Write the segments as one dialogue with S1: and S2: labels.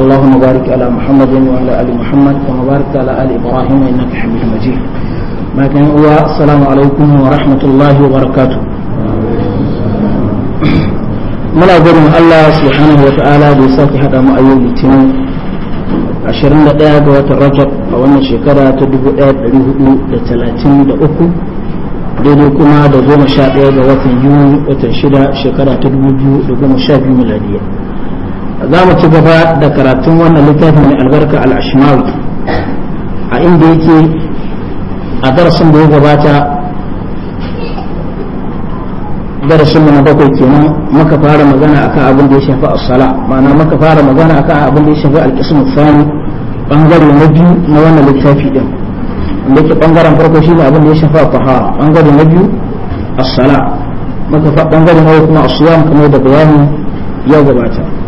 S1: اللهم بارك على محمد وعلى ال محمد كما باركت على ال ابراهيم انك حميد مجيد ما كان هو السلام عليكم ورحمه الله وبركاته muna gudun Allah subhanahu wa ta'ala da ya sake hada mu a yau litinin 21 ga watan rajab a wannan shekara ta 1433 daidai kuma da 11 ga watan yuni watan 6 shekara ta 2012 miladiya za mu ci gaba da karatun wannan littafin mai albarka al'ashimawi a inda yake a darasin da ya gabata darasin na bakwai kenan maka fara magana akan abin da ya shafi as-sala ma'ana maka fara magana akan abin da ya shafi al-qism thani bangare na biyu na wannan littafi din inda ke bangaren farko shi ne abin da ya shafi tahara bangare na biyu as-sala maka bangare na kuma as-siyam kamar da bayani ya gabata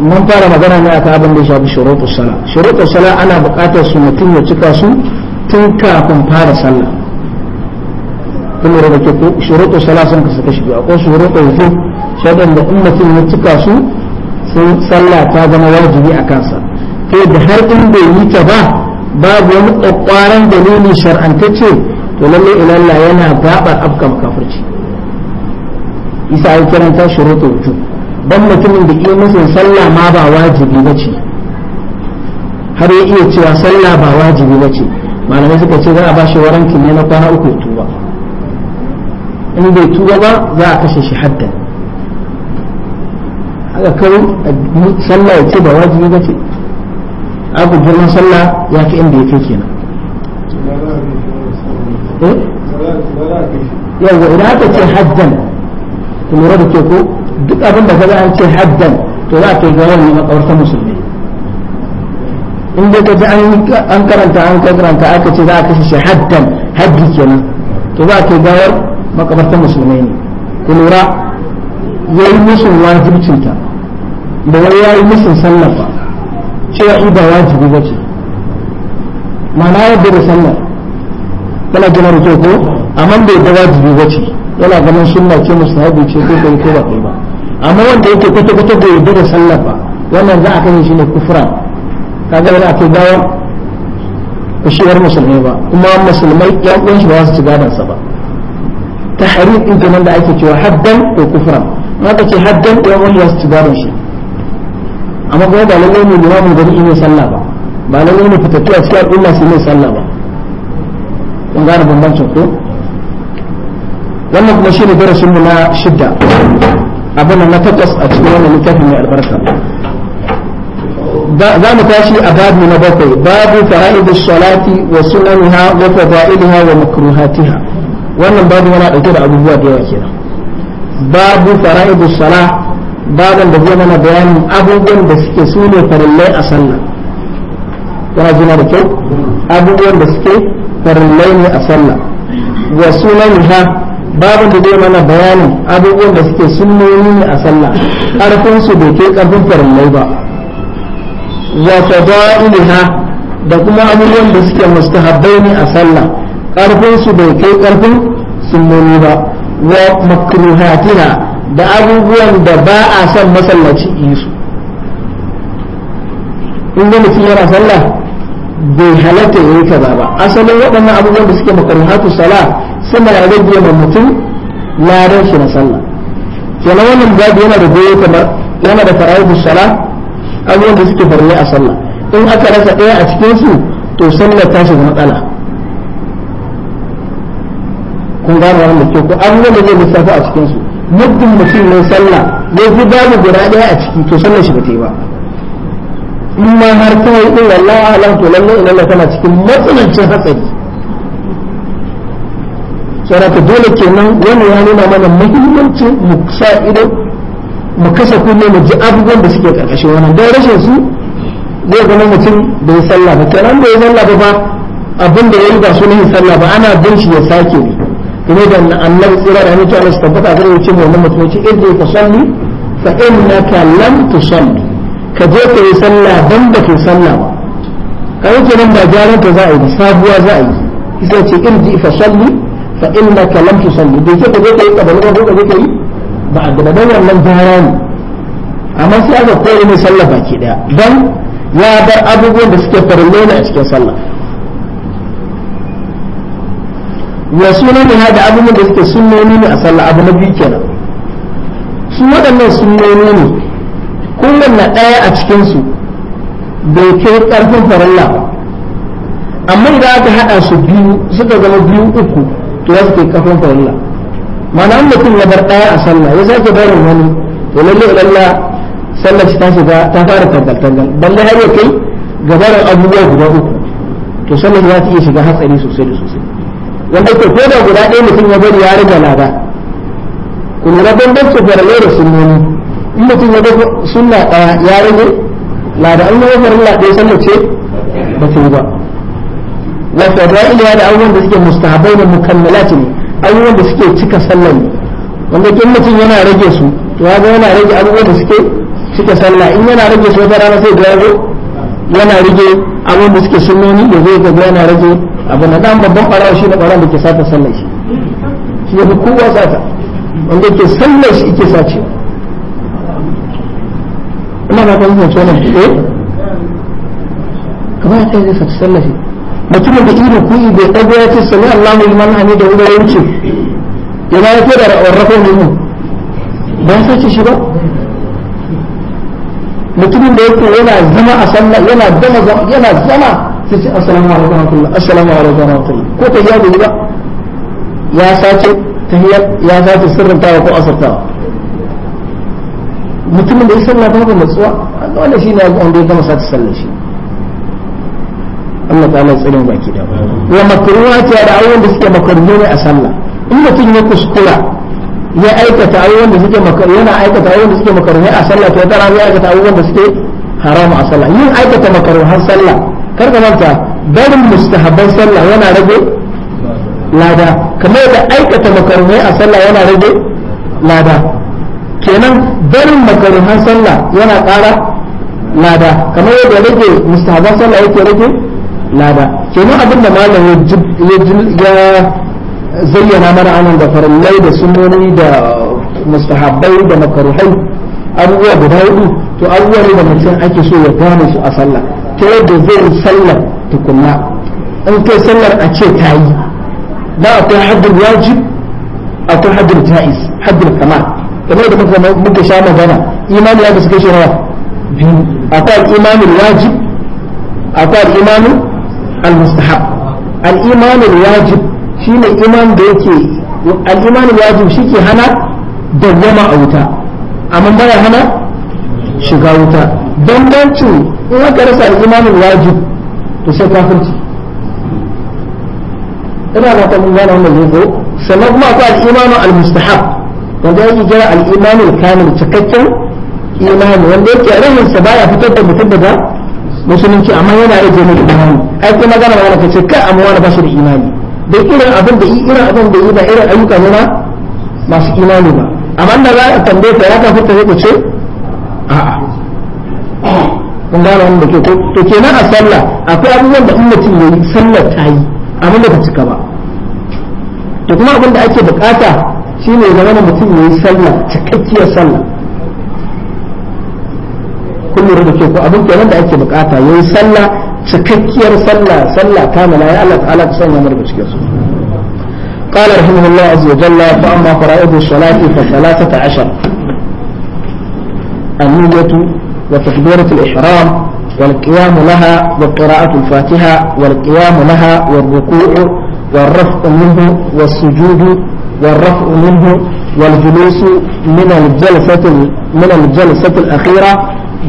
S1: mun fara magana ne akan abin da ya shafi shuruɗu sala shuruɗu sala ana buƙatar su mutum ya cika su tun kafin fara sallah kuma da ke ko shuruɗu sala sun kasu kashi biyu akwai shuruɗu wujub shaɗan da in mutum ya cika su sun sallah ta zama wajibi a kansa kai da har in bai yi ta ba babu wani ƙwaƙwaran dalili shar'antacce to lalle ilalla yana gaɓar afkan kafirci isa ya kiranta shuruɗu wujub dan mutumin da iya musun sallah ma ba wajibi ba ce har ya iya cewa sallah ba wajibi ba ce malamai suka ce za a bashi shi warantin ne na kwana uku ya tuba in bai tuba ba za a kashe shi haddan haka kawai sallah ya ce ba wajibi ba ce abu girman sallah ya fi inda ya kai kenan eh? yawwa idan aka ce haddan ku lura da ke ko duk abin da kaga an ce haddan to za ka yi gawar ne makawarta musulmi in dai kaji an karanta an karanta aka ce za a kashe shi haddan haddi kenan to za ka yi gawar makabarta musulmai ne ku lura ya yi musu wajibcinta da wani ya yi musu sallafa ba cewa ida wajibi ba ce ma'ana yadda da sallar kana jina da ko amma bai da wajibi ba ce yana ganin sunna ce musahabi ce ko kai ko ba kai ba amma wanda yake kwata kwata da yarda da sallah ba wannan za a kashe shi ne kufra kaga ba za a kai gawar kushewar musulmai ba kuma musulmai yan uwan shi ba su ci gadon sa ba tahrim din kenan da ake cewa haddan ko kufra in aka ce haddan yan uwan ba su ci gadon shi amma kuma ba lallai ne limamin gari ne sallah ba ba lallai ne fitattu a cikin al'umma su ne sallah ba kun gane bambancin ko wannan kuma shi ne darasin na shidda abin na takwas a cikin wannan littafin mai albarka za mu tashi a babu na bakwai babu fara'idu salati wa sunaniha wa fadailiha wa makruhatiha wannan babu yana dauke da abubuwa da yawa kenan babu fara'idu salah baban da zai mana bayanin abubuwan da suke su ne farillai a sallah yana jina da kyau abubuwan da suke farillai ne a sallah wa sunaniha babin da zai mana bayanin abubuwan da suke sunnoni ne a sallah karfin su bai kai karfin farillai ba wa fadailiha da kuma abubuwan da suke mustahabbai ne a sallah karfin su bai kai karfin sunnoni ba wa makruhatina da abubuwan da ba a son masallaci yi su in ga mutum yana sallah bai halatta yi kaza ba asalin waɗannan abubuwan da suke makruhatu salah suna rage ma mutum ladan shi na sallah kenan wannan babu yana da goyo kamar yana da fara'idu sala abubuwan da suke farne a sallah in aka rasa ɗaya a cikin su to sallar ta shiga matsala kun gano wannan da ke ko abubuwan da zai lissafa a cikin su muddin mutum ne sallah ya fi babu guda ɗaya a ciki to sallar shi ba ta yi ba in ma har kawai yi ɗin wallahi alam to lallai ilallah tana cikin matsanancin hatsari ta dole kenan wani ya nuna mana muhimmancin mu sa ido mu kasa kunne mu ji abubuwan da suke karkashin wannan don rashin su zai zama mutum da ya sallah ba kenan da ya sallah ba abin da yayi yi ba sunan sallah ba ana bin shi ya sake ne kuma da annabi tsira da mutu Allah tabbata zai yi cewa wannan mutum yace idda ka salli fa innaka lam tusalli ka je ka yi sallah dan da ke sallah ba kai kenan ba gyaran ta za a yi sabuwa za a yi sai ce ji fa salli fa innaka lam tusalli bai ce ka je kai kabari ba ko ka je kai ba a gaba dan wannan gara ne amma sai aka kore mai sallah baki daya dan ya bar abubuwan da suke farille ne a cikin sallah wa sunan ne da abubuwan da suke sunnoni ne a sallah abu na biyu kenan su waɗannan sunnoni ne kullum na ɗaya a cikinsu bai kai ƙarfin farilla ba amma idan aka haɗa su biyu suka zama biyu uku to ya suke kafin farilla ma'ana an mutum ya bar ɗaya a sallah ya sake barin wani to lalle lalla sallah ta shiga ta fara tangal tangal balle har ya kai gabarin abubuwa guda uku to sallah za ta iya shiga hatsari sosai da sosai wanda ke ko da guda ɗaya mutum ya bari ya rage lada kuma na bambanci farallai da sunnoni in mutum ya bar sunna ɗaya ya rage lada an yi farilla ɗaya sallah ce ba ta yi ba wa fadailiya da abubuwan da suke mustahabai da mukammilat ne abubuwan da suke cika sallah ne wanda kin mutum yana rage su to ya yana rage abubuwan da suke cika sallah in yana rage su wata rana sai ga yazo yana rage abubuwan da suke sunnoni da zai ga yana rage abu na dan babban barawa shi ne barawan da ke sata sallah shi shi ya kowa sata wanda ke sallar shi ke sace ina ba ta yi zance wannan eh kamar ta yi zai sace sallar shi mutumin da irin kuɗi bai ɗago ya ce sami Allah mai liman hami da wuri ya wuce ya ma ya ko da rarrafa ne mu ba ya sace shi ba mutumin da yake yana zama a sallah yana gama yana zama sai ce assalamu alaikum wa rahmatullah assalamu alaikum wa rahmatullah ko ta ya ba ya sace hiyar ya sace sirrin tawa ko asartawa mutumin da ya sallah babu matsuwa wannan shine an da ya gama sace sallar shi Allah ta'ala ya tsirin baki da wa makruhat ya da ayyukan da suke makarru ne a sallah in mutum ya kuskura ya aikata ayyukan da suke makarru yana aikata ayyukan da suke makarru a sallah to tara ya aikata ayyukan da suke haramu a sallah yin aikata makarruhan sallah kar ka manta barin mustahabban sallah yana rage lada kamar da aikata makarruhai a sallah yana rage lada kenan barin makarruhan sallah yana ƙara lada kamar yadda rage mustahabban sallah yake rage لا لا كما أبدا ما له يا زينا مرعا ذكر الله ده سنوني ده مستحبين ده مكروحين أروى بدايبه تو أروى لما تسين أكي سوى يقاني سوى أصلا كي ده زي السلة تكون لا أنت سلة أكي تاي لا أكي حد الواجب أكي حد الجائز حد الكمال كما إذا كنت ممكن شامل دانا إيمان لا بسكيش هو أكي إيمان الواجب أكي إيمان الواجب al-mustahab al-iman al-wajib shine iman da yake al-iman al-wajib shike hana dawwama a wuta amma baya hana shiga wuta bambancin in aka rasa al-iman al-wajib to sai kafirci ina ba ta mun gane wannan ne ko sannan kuma akwai cikakken imani wanda yake baya fitar da mutum daga musulunci amma yana da jini da hannu ai kuma magana magana ta ce kai amma wani ba shi da imani da irin abin da irin abin da ba irin ayyuka ne ba masu imani ba amma da za a tambaye ta ya kafurta zai ku ce a'a kun gane wanda da ke to kenan a sallah akwai abubuwan da in mutum ya yi sallar ta yi amma da ta cika ba to kuma abin da ake bukata shine ya zama mutum ya yi sallah cikakkiyar sallah lura da ke ku abin kenan da ake bukata yayi sallah cikakkiyar sallah sallah kamala ya Allah ta'ala ka sanya mu daga cikin su قال رحمه الله عز وجل فأما فرائض الصلاة فثلاثة عشر النية وتكبيرة الإحرام والقيام لها وقراءة الفاتحة والقيام لها والركوع والرفع منه والسجود والرفع منه والجلوس من الجلسة من الجلسة الأخيرة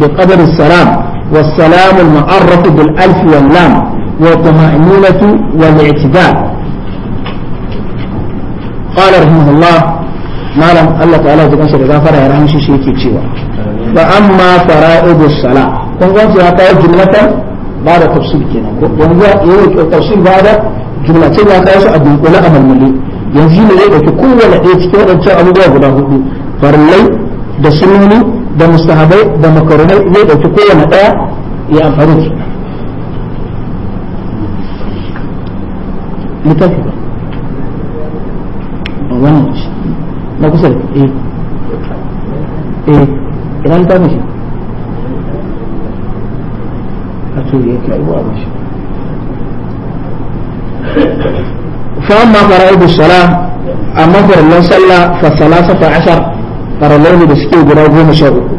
S1: بقدر السلام والسلام المعرف بالألف واللام والطمأنينة والاعتدال قال رحمه الله ما لم الله تعالى تكون شرطا فرع يرحم شيء شيء فأما فرائض الصلاة كن في يا كاي جملة بعد تفصيل كنا كن قلت تفصيل بعد جملة في كاي أبن ولا أمل ملي ينزل إليك كل ولا إيه تكون أنت أبو غدا فرلي da sunoni da mustahabai da makarunai zai ɗauki kowane ɗaya ya amfani shi littafi ba wannan na kusa da eh eh ina littafin shi a turi yake aiwa ba shi فأما فرائض الصلاة أما فرلا صلى فالثلاثة عشر فرلاني دستو جراغو مشاغوكو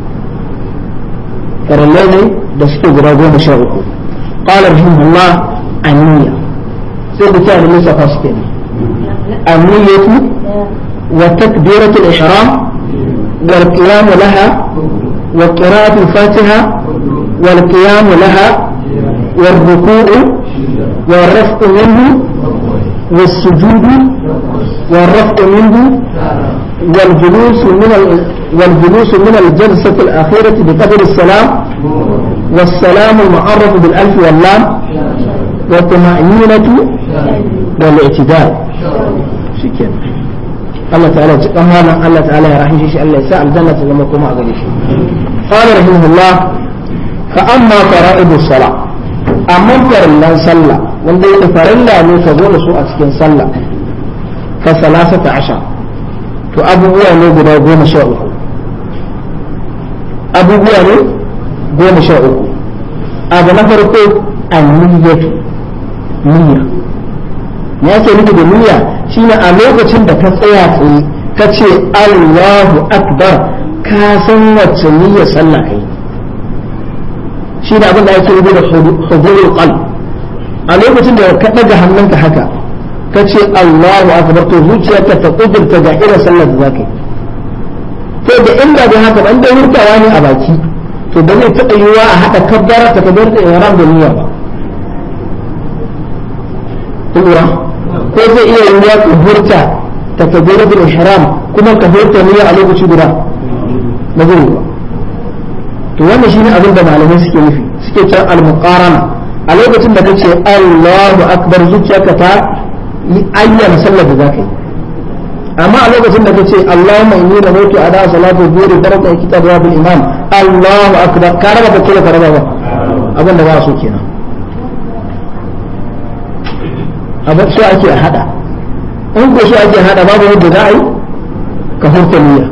S1: فرلاني دستو جراغو مشاغوكو قال رحمه الله النية سيد تعالى ليس فاسكين النية وتكبيرة الإحرام والقيام لها وقراءة الفاتحة والقيام لها والركوع والرفق منه والسجود والرفق منه والجلوس من والجلوس من الجلسة الأخيرة بقدر السلام والسلام المعرف بالألف واللام والطمأنينة والاعتدال شكرا الله تعالى قال الله تعالى رحمه شيء الله يسأل الجنة لما كما أقول قال رحمه الله فأما فرائض الصلاة أما فرلا صلى وانده فرلا نتظن سوء أتكين صلى فثلاثة عشر to abubuwa ne guda goma sha uku abubuwa ne goma sha uku abu na farko anniyyatu niyya ya ce nufi da niyya shine a lokacin da ka tsaya tsaye ka ce Allahu akbar ka san wacce niyya sallah kai shi da abin da ake rubuta da hudurul qalb a lokacin da ka daga hannunka haka ka ce Allahu akbar to zuciyarka ta kudurta ga irin sallar da zaka to da inda da haka ban da hurtawa ne a baki to ba zai taɓa yiwuwa a haɗa kabbara ta kabbar da ihram da niyya ba lura ko zai iya yiwuwa ka hurta ta kabbar da ihram kuma ka hurta niyya a lokaci guda ba zai yiwu to wannan shine abin da malamai suke nufi suke cewa al-muqarana a lokacin da kace Allahu akbar zuciyarka ta ayyana sallar da za ka yi amma a lokacin da kace Allahumma inni a ada salatu da dhuhri taraka kitab iman imam Allahu akbar ka raba ka kula ka raba ba abin da ba so kenan abin so ake hada in ko so ake hada babu yadda za a yi ka furta niyya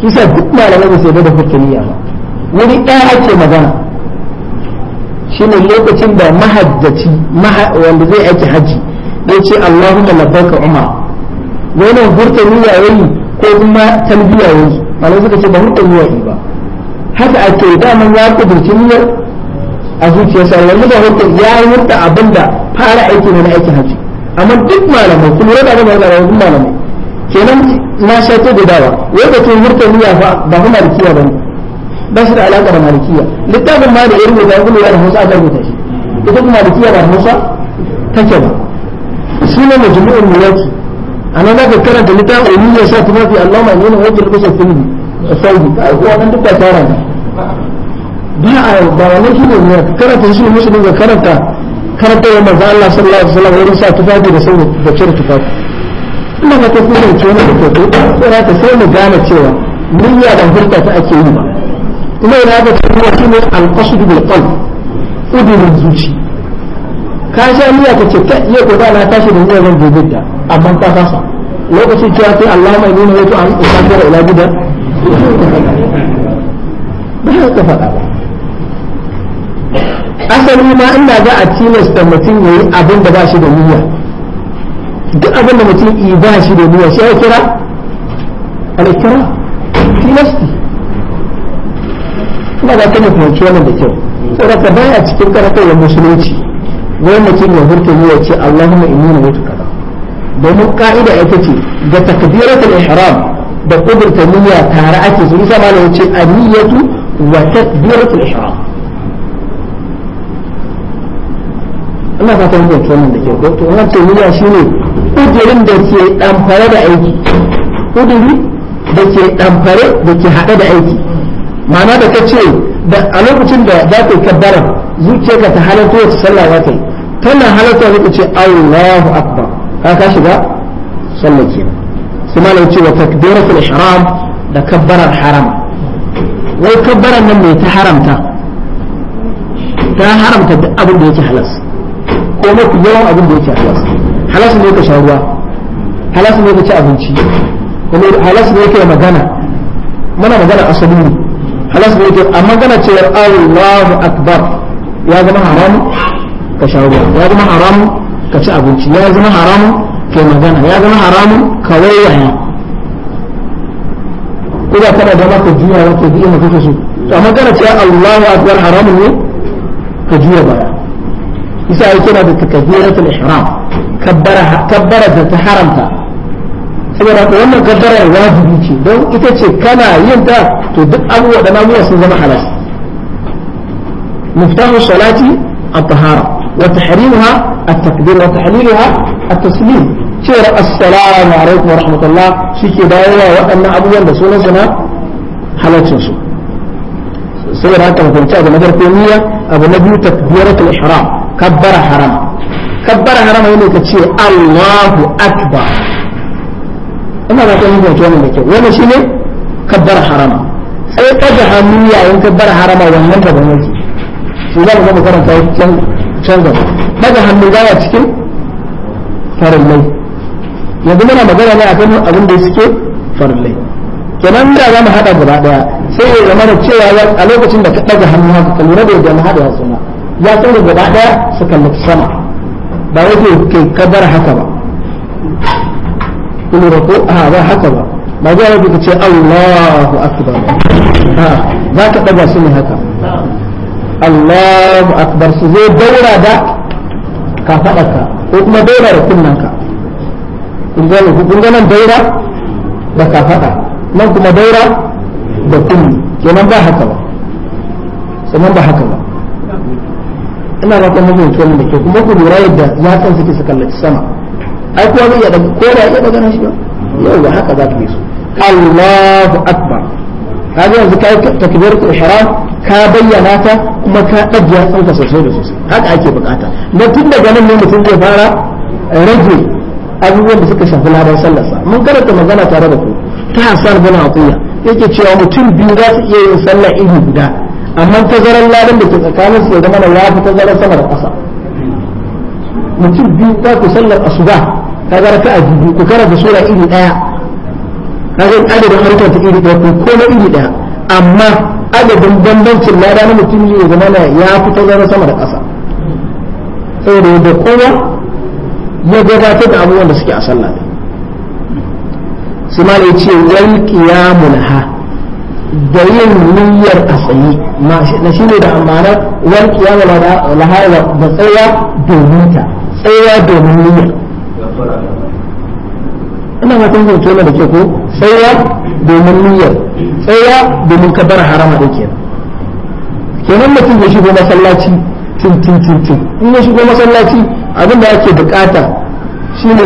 S1: kisa duk malamai ba sai da furta niyya ba wani ɗaya ake magana shine lokacin da mahaddaci wanda zai aiki hajji. ya ce Allahumma labbaka umar wannan hurta niyya yayi ko kuma talbiya yayi malai suka ce ba hurta niyya yi ba haka ake daman ya kudurci niyyar a zuciyarsa yanzu da hurta ya yi hurta abinda fara aiki ne na aikin haji amma duk malamai kuma yadda da malamai duk malamai kenan na sha ta gudawa wanda ke hurta niyya fa ba kuma malikiya ne ba su da alaƙa da malikiya littafin ma da irin da ya da hausa aka rubuta shi ita kuma malikiya ba hausa take ba shi ne majmu'ul mulaki anan da karanta littafin ilmi ya sa tumafi fi ma ne wani kirkusa filmi saudi a ko wannan duk ba tara ne ba ba wannan shi ne karanta shi ne musulmi karanta karanta wa manzo Allah sallallahu alaihi wasallam wurin sa tufafi da sauri da cire tufafi ina ga tafi da cewa da ke ko ta sai mu gane cewa niyya da furta ta ake yi ba ina da tafi wa al-qasd bil qalb udurin zuciya ka sha miya ka ce ta iya ko na tashi da zai zan gobe da amma ka fasa lokacin cewa sai Allah mai nuna wato an ko kafar ila gidan ba ka faɗa ba
S2: asali ma inda
S1: za a da mutum yayi abin da ba shi da niyya duk abin da mutum yi ba shi da niyya sai ya kira alkira tilasti ina ga kana kuma ciwon da kyau saboda baya cikin karatar musulunci wai mutum ya furta ne ya ce Allahumma inni nawaitu kaza domin ka'ida ita ce ga takbiratul ihram da kudurta niyya tare ake su isa malamin ce aniyatu wa takbiratul ihram ina fatan mun fahimci wannan da ke ko to wannan ce niyya shine kudurin da ke damfare da aiki kuduri da ke damfare da ke hade da aiki ma'ana da kace da a lokacin da za ka kabbara zuciyarka ta halarta wata sallah za ta yi tana halarta zaka ce Allahu akbar ka ka shiga sallah kenan sai malam ce wa takbiratul haram da kabbarar haram wai kabbarar nan mai ta haramta ta haramta duk abin da yake halas ko mafi yawan abin da yake halas halas ne ka sha ruwa halas ne ka ci abinci kuma halas ne ka magana mana magana asali ne halas ne ka amma magana cewar Allahu akbar ya zama haram ka sha ruwa ya zama haram ka ci abinci ya zama haram ke magana ya zama haram ka waiwaya ko da kada da ka juya wa ka biya maka so to amma kana cewa Allahu akbar haram ne ka juya baya isa yake na da takbiratul ihram kabbara kabbara da ta haramta saboda haka wannan kabbara wajibi ce don ita ce kana yin ta to duk abubuwa da namuwa sun zama halas مفتاح الصلاة الطهارة وتحريمها التكبير وتحليلها التسليم شير السلام عليكم ورحمة الله شيك دائما وأن أبويا بسونا سنة حلت سنسو سير هكا مثل تعد مدر كونية أبو نبي تكبيرة الإحرام كبر حرام كبر حرام هنا تشير الله أكبر أما ما تقول هنا جوانا لك وما كبر حرام سيقضى حمية وانكبر حرام وانكبر حرام shi za mu gama karanta can can gaba daga hannu baya cikin farillai yanzu muna magana ne akan abin da suke farillai kenan da za mu hada gaba daya sai ya zama da cewa a lokacin da ka daga hannu haka ka lura da yadda na hada wasu na ya tsoro gaba daya su kallaci sama ba wai kai kabar haka ba kulura ko a ba haka ba ba zai rabu ka ce Allahu akbar ba za ka daga su ne haka Allahu akbar su zo daura da kafadarka ko kuma daura da kunnanka kun ga nan daura da kafada nan kuma daura da kunni kenan ba haka ba sannan ba haka ba ina ba kuma mutum kenan da ke kuma ku lura yadda yatsan suke su kallaci sama ai kuwa zai iya daga ko da iya daga shi ba yau ba haka za ka yi su Allahu akbar kaga yanzu kai takbiratul ihram ka bayyana ta kuma ka ajiya yatsunka sosai da sosai haka ake bukata na tun daga nan ne mutum zai fara rage abubuwan da suka shafi ladan sallarsa mun karanta magana tare da ku ta hasan bin atiya yake cewa mutum biyu za su iya yin sallah iri guda amma tazarar ladan da ke tsakanin su da mana ya fi tazarar sama da ƙasa mutum biyu za ku sallar asuba ka ga raka'a biyu ku karanta sura iri ɗaya ka ga adadin harkar ta iri ɗaya ko komai iri ɗaya amma adadin bambancin lada na mutum ya zama na ya fito zama sama da ƙasa saboda yadda kowa ya gabatar da abubuwan da suke a sallah ne su ma da ce wal qiyamun ha da yin niyyar a tsaye na shi ne da amana wal qiyamun laha da tsaya domin ta tsaya domin niyyar ina fatan zai tona da ke ko tsaya domin niyyar tsaya domin ka bar harama da kenan kenan mutum ya shigo masallaci tun tun tun tun in ya shigo masallaci abin da ake bukata shine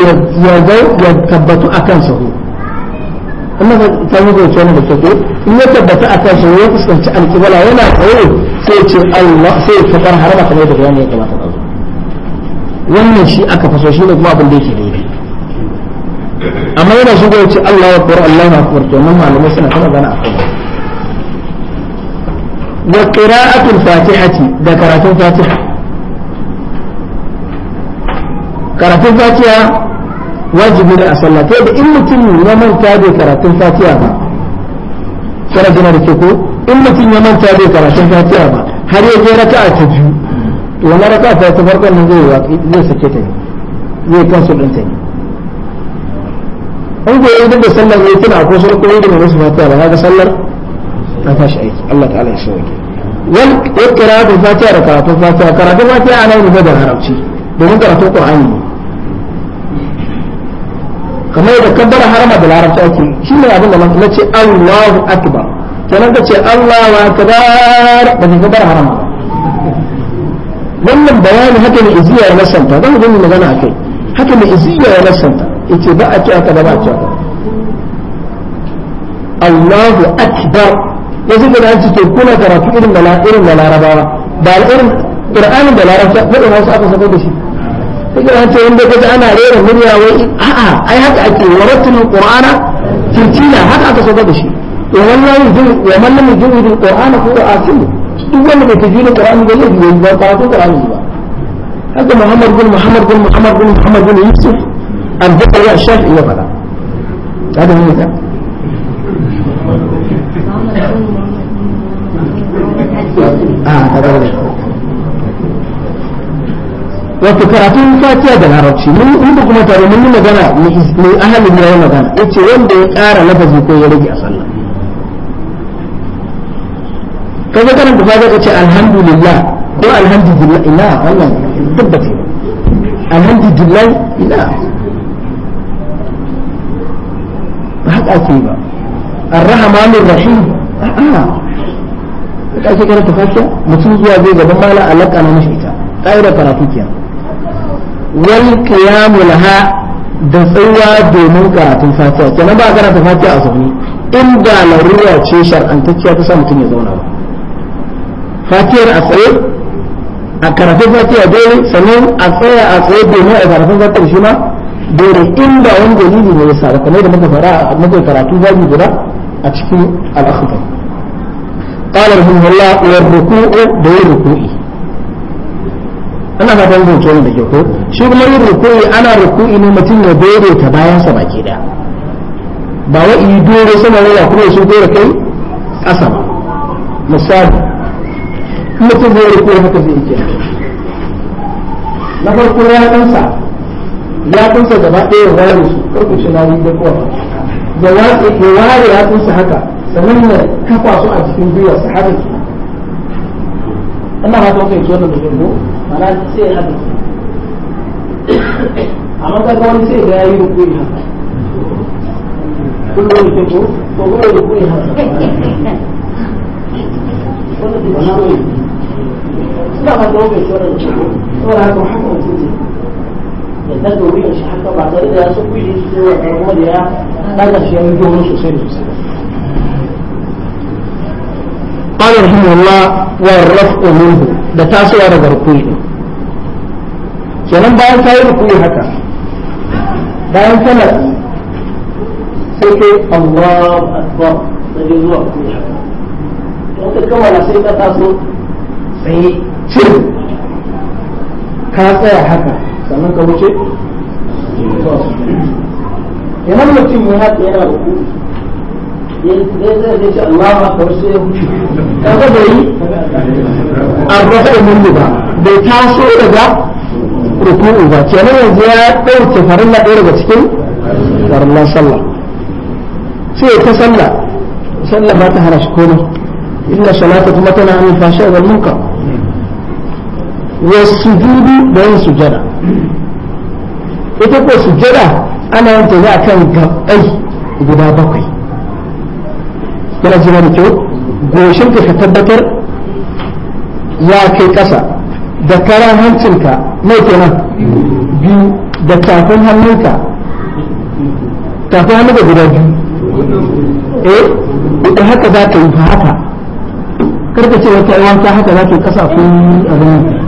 S1: ya ga ya tabbatu akan sahu amma ta yi zai kenan da kyau in ya tabbata akan sahu ya fuskanci alƙibala yana tsaye sai ce Allah sai ka bar harama kamar da bayani ya kamata wannan shi aka faso shi ne kuma abin da yake da amma yana shigo ya ce Allah ya kuwar Allah na kuwar domin malamai suna kama gana a kai wa qira'atul fatihati da karatun fatiha karatun fatiha wajibi ne a sallah ta da in mutum ya manta da karatun fatiha ba kana jina da ke ko in mutum ya manta da karatun fatiha ba har ya je raka'a ta biyu to wannan raka'a ta farkon nan zai zai sake ta ne zai kansu din ta ne هو يدب سلم يتنع فوصل قويد من اسمه تعالى هذا سلم ما فاش أي الله تعالى يسوي والقراءة الفاتحة ركعة الفاتحة قراءة الفاتحة على أن فدر هرمشي بمن قراءة القرآن كما إذا كبر حرمة بالعرب تأتي شو اللي أقول لك لك الله أكبر كما قلت الله أكبر بس كبر حرمة لما البيان هكذا إزية ولا سنتا ده هو ضمن مغانا أكيد هكذا إزية ولا سنتا yace ba a cewa kaza ba a cewa Allahu akbar yanzu da an ce to kuna karatu irin da irin da larabawa ba irin qur'anin da larabta da wasu aka saka da shi kaga an ce wanda kaje ana rera murya wai a'a ai haka ake waratul qur'ana tiltila haka aka saka da shi to wallahi jin wa man lam yujid alqur'ana fa huwa asim duk wanda bai tajwid alqur'ani ba zai yi ba karatu qur'ani ba haka Muhammad bin Muhammad bin Muhammad bin Muhammad bin Yusuf أم بقى الوقت الشرق وفرع هذا هو ذا آه هذا هو وتكاتين فاتيا ده عربي من من بكم ترى من من جانا من أهل من أهل جانا إيش وين ده كارا لفظ بكو يرجع صلى كذا كان بفاجأة إيش الحمد لله كل الحمد لله إله والله تبتي يعني الحمد لله إله ake ba الرحمن الرحيم da ake karanta fatiha mutum zuwa zai gaban mala alaka na mashi ita ƙa'idar karatu wal qiyamu laha da tsayuwa domin karatun fatiha kenan ba karanta fatiha a zaune inda ce shar'antacciya ta sa mutum ya zauna ba fatiyar a tsaye a karatun fatiha dole sannan a tsaya a tsaye domin a karatun fatiha shi ma domin inda wani dalili ne ya sa kamar da muka fara muka karatu babu guda a cikin al-akhbar qala rahimahullah wa ruku'u da yin ruku'i ana ba dan zuke da ke ko shi kuma yin ruku'i ana ruku'i ne mutum ya dore ta bayan sa baki da ba wai yi dore sama ne kuma shi dore kai kasa ba misali mutum zai ruku'i haka zai yi na farko ya kansa ya kunsa gaba ɗaya ya ware su karku ce na yi da kowa ya ware ya kunsa haka sannan ya kafa su a cikin gwiwa su haɗa su ina haka kai tsohon da jirgo mana sai ya haɗa amma kaga wani sai ga yayi rukuni haka kullum da ko ko ko rukuni haka
S2: suna ba da wani zuwa da jirgo da domin shi haka ba da ya so ya
S1: shi رحمه الله والرفع منه da tasowa daga rukuni kenan bayan ta yi rukuni haka bayan ta natsu sai kai Allahu akbar da yi zuwa rukuni haka ta ka sai ta sai ka tsaya haka sannan ka wuce idan mutum ya haɗe yana ruku ya zai zai ce Allah ma kawai sai ya wuce ka ga bai arrafa da ba bai taso daga ruku'u ba kenan yanzu ya ɗauke farin ɗaya daga cikin farin sallah sai ta sallah sallah ba ta hana shi komai illa salata kuma tana amin fashe wal munkar Wasu wasujudu da yin sujada ita ko sujada ana yin ta a kan gabai guda bakwai yana jira da kyau goshin ka tabbatar ya kai ƙasa da karan hancinka mai kenan biyu da tafin hannunka tafin hannunka guda biyu eh da haka za ka yi haka karka ce wata wanka haka za ka yi ƙasa kun abin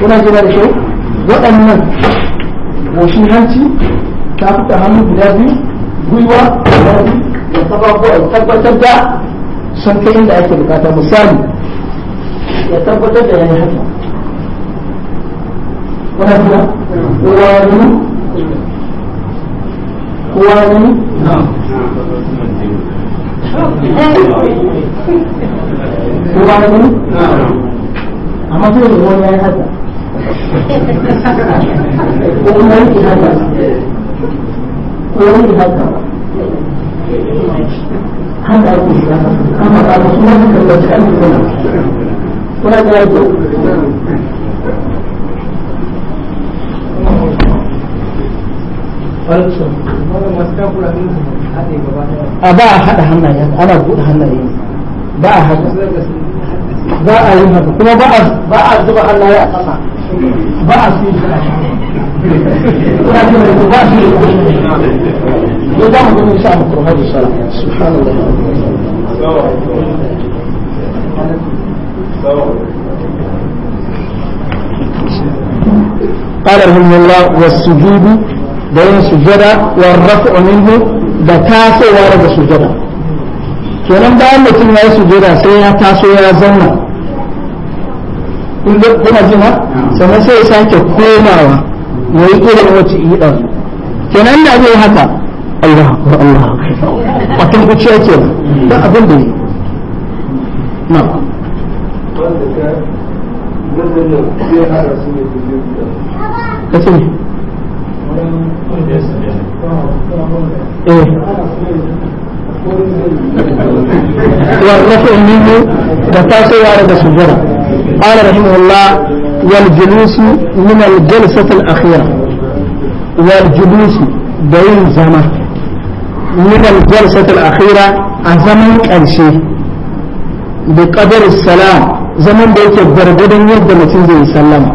S1: kuna jira da shi waɗannan goshin hanci ta tafuka hannu guda biyu gwiwa guda biyu da sababo a tabbatar da sun kai inda ake bukata misali ya tabbatar da yayi haka kuna jira
S2: kowa ya nuna kowa ya nuna kowa ne
S1: amma sai da wani ya yi haka هذا
S2: أقول هذا أمر الرسول كما سألت هنا
S1: وهذا يقول a ba a haɗa hannayen ana buɗe hannayen ba a haɗa ba a yin haka kuma ba a zuba hannaye a ƙasa ba a su ba su ne da mu gani sa mu kurma
S2: da sala subhanallah
S1: قال رحمه الله والسجود بين سجدة والرفع منه بتاسع ورد سجدة kenan bayan mutum ya yi sujada sai ya taso ya zauna kun kuna jima sannan sai sake komawa ya yi irin wacce yi ɗazu kenan da zai haka Allah akbar Allah akbar watan kuciya ke da abin da yi na kasu ne wa rafi'in minhu da tasowa daga sujjada قال رحمه الله والجلوس من الجلسة الأخيرة والجلوس بين زمان من الجلسة الأخيرة أزمن كرشي بقدر السلام زمن ديك برغدن يد متين زي سلم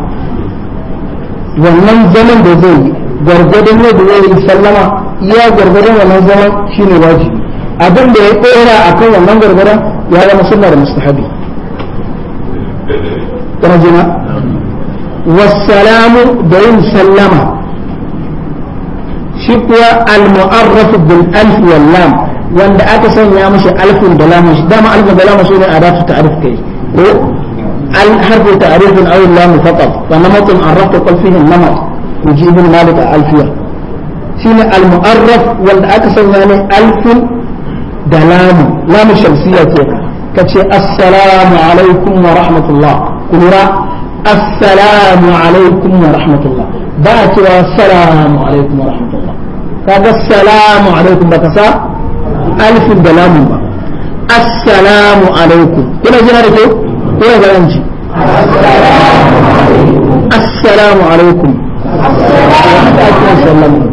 S1: wannan zaman da zai gargadon yadda zai yi sallama iya gargadon wannan zaman shine wajibi abin da ya tsora akan wannan gargadon ya zama sunnar mustahabi درجنا والسلام بين سلمة شكوى المعرف بالألف واللام وأن أكسن يا مش ألف مش دام ألف واللام مش أداة تعرف كيف الحرف تعريف أو اللام فقط فنمط عرفت قل فيه النمط يجيب المالك ألفية شين المعرف وأن أكسن يعني ألف دلام لام شمسية كيف كتشي السلام عليكم ورحمة الله kuma assalamu alaikum wa rahmatullah ba a cewa assalamu alaikum wa rahmatullah kaga assalamu alaikum baka sa alifin da lamun ba assalamu alaikum kuna jira da kyau ko da garanci assalamu alaikum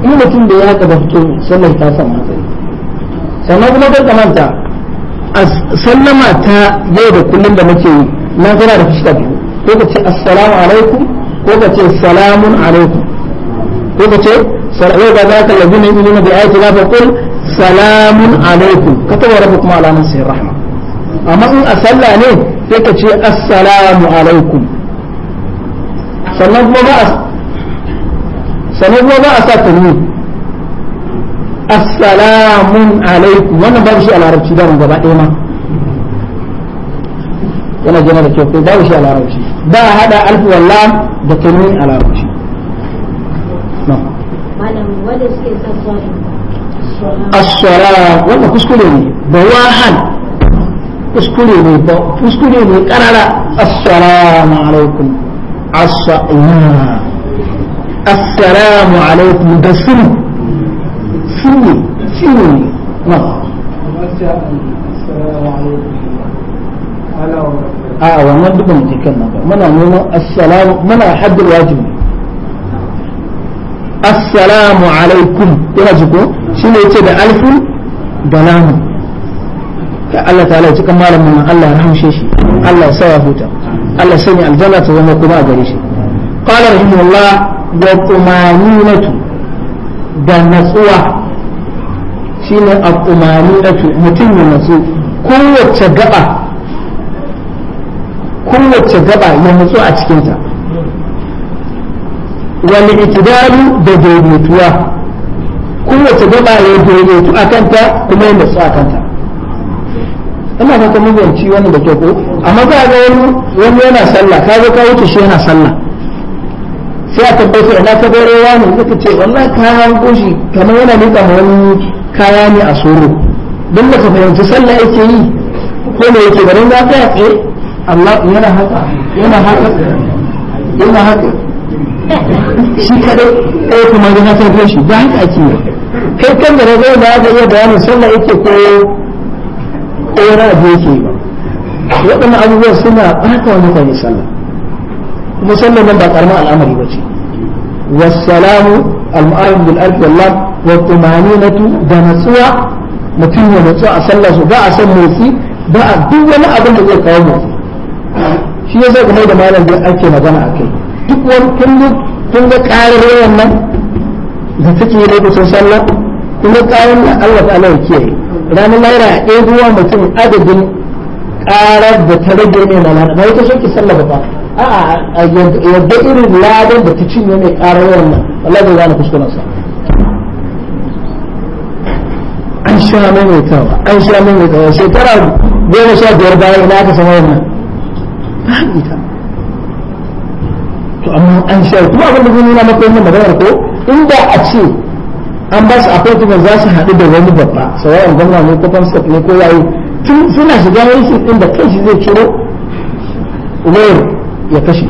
S1: in mutum da ya haka ba fito sallar ta samu sannan kuma ta kamanta sallama ta yau da kullum da muke yi na tana da fuska biyu ko ka ce assalamu alaikum ko ka ce salamun alaikum ko ka ce sarai da za ka labi na yi da aiki na fa kul salamun alaikum ka taɓa rabu kuma alamun sai rahama amma in a sallah ne sai ka ce assalamu alaikum sannan kuma ba a sannan kuma ba a sa tanwi assalamun alaikum wannan babu shi a larabci da gaba ɗaya ma yana jana da kyau ko babu shi a larabci ba hada alfi walla da tuni a larabci as-sala kuskure ne ba wahan kuskure ne ba kuskure ne karara assalamu alaikum assalamu alaikum da sirri sirri sirri na
S2: السلام عليكم
S1: a wannan duka mutum kan nan muna neman assalamu muna haddul wajibi assalamu alaikum ina ji ko shine yace da alfin da lamun ka Allah ta'ala ya cikin malamin nan Allah ya rahamshe shi Allah ya sa huta Allah ya sanya aljanna ta zama kuma a gare shi qala rahimahullah wa tumaninatu da natsuwa shine a tumaninatu mutum ya natsu kowace gaba kowace gaba ya mutu a cikinta wani itidalu da daidaituwa kowace gaba ya daidaitu a kanta kuma ya nutsu a kanta ina kuma mabanci wani da ke ko amma za a ga wani yana sallah ka ga ka wuce shi yana sallah sai a tabbata ina ka bare wani zaka ce wallahi kayan goshi kamar yana nika ma wani kaya ne a soro don da ka fahimci sallah yake yi ko me yake garin za ka tsaye Allah yana haka yana haka yana haka shi kadai ɗaya kuma ga na tafiya shi ba haka ake yi kai kan da rabai ba ga iya bayanin sallah yake ko ko wani abu yake ba waɗannan abubuwan suna ɓata wa mutane sallah kuma sallah nan ba ƙaramin al'amari ba ce wassalamu al-mu'arrad bil alf wal lam wa tumaninatu da natsuwa mutum ya natsuwa a sallah su ba a san motsi ba a duk wani abin da zai kawo motsi shi ya zai kuma da malam da ake magana a kai duk wani kun ga karar yawan nan da take yi lokacin sallah kun ga karar da Allah ta Allah kiyaye ranar laira a ɗaya zuwa mutum adadin karar da ta rage ne na lana ba ita soke sallah ba a yadda irin ladan da ta cinye mai karar yawan nan Allah zai gane kuskurensa an sha maimaitawa an sha maimaitawa shekara goma sha biyar bayan na aka sama wannan ita to amma an shayar kuma abin zai nuna maka wannan maganar ko inda a ce an ba su appointment za su haɗu da wani babba sauran gwamna ne ko concept ne ko yayi tun suna shiga shi din da shi zai ciro wayar ya kashe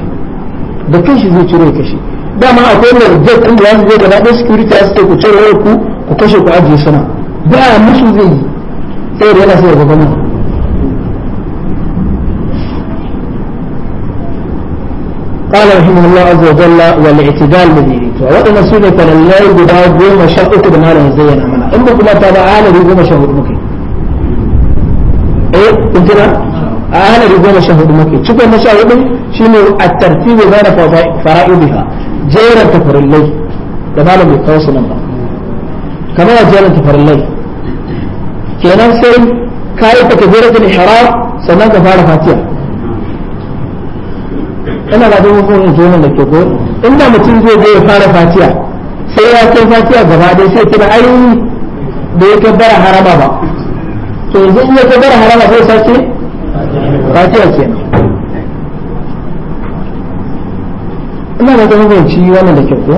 S1: da kai shi zai ciro ya kashe dama akwai mai jet inda ya zai gaba ɗaya security a suke ku ciro ku ku kashe ku ajiye sana ba musu zai yi sai da yana sai ya gwamna قال رحمه الله عز وجل والاعتدال مديري فوضع سنة لله بباب قوم شاء أكد ما إيه؟ له زينا منا إما قدا تابع آله قوم شاء مكي إيه انتنا آله قوم شاء مكي شكرا ما شاء شنو الترتيب غير فرائضها جيرا تفر الليل لما لم يتواصل الله كما جيرا تفر الليل كينا سيد كاية تكبيرة الإحرام سنة فارفاتيها ina ba don mutum in zo da ke ko inda mutum zai je ya fara fatiya sai ya kai fatiya gaba dai sai kina ai da ya kabbara haraba ba to yanzu in ya kabbara haraba sai sace fatiya ke ina ba don mutum ci wannan da ke ko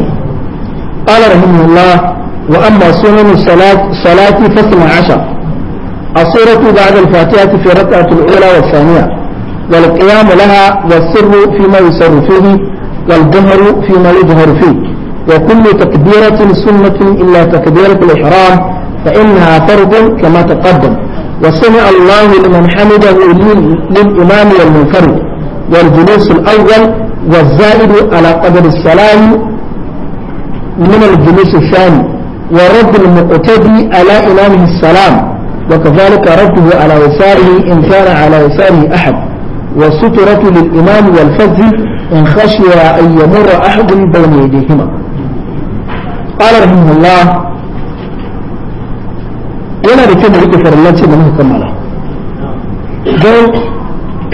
S1: قال رحمه الله وأما سنن الصلاة صلاة فصل عشر الصورة بعد الفاتحة في ركعة الأولى والثانية والقيام لها والسر فيما يسر فيه والجهر فيما يجهر فيه وكل تكبيرة سنة إلا تكبيرة الإحرام فإنها فرض كما تقدم وسمع الله لمن حمده للإمام والمنفرد والجلوس الأول والزائد على قدر السلام من الجلوس الثاني ورد المقتدي على إمامه السلام وكذلك رده على يساره إن كان على يساره أحد والسترة للإمام والفز إن خشي أن يمر أحد بين يديهما قال رحمه الله yana da kyau mu rike farillance da muka kammala don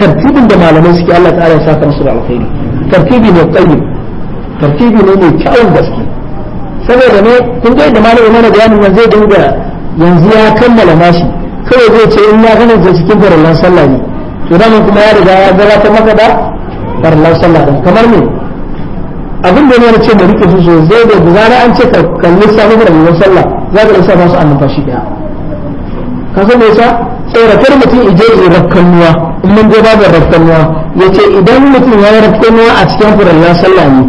S1: tartibin da malamai suke Allah ta'ala ya saka musu da alkhairi tartibi ne qayyim tartibi ne mai gaske saboda ne kun ga da malamai mana bayanin nan zai dinga yanzu ya kammala nashi kawai zai ce in ya gane cikin farillan sallah imamin kuma ya riga ya ta maka da farlan sallah din kamar me abin da ne ce mu rike su so zai da zara an ce ka kalli da farlan sallah za ka lissafa su annan shi da ka san me yasa tsoratar mutum ije ya rakkanuwa in mun gaba da rakkanuwa yace idan mutum ya yi rakkanuwa a cikin farlan sallah ne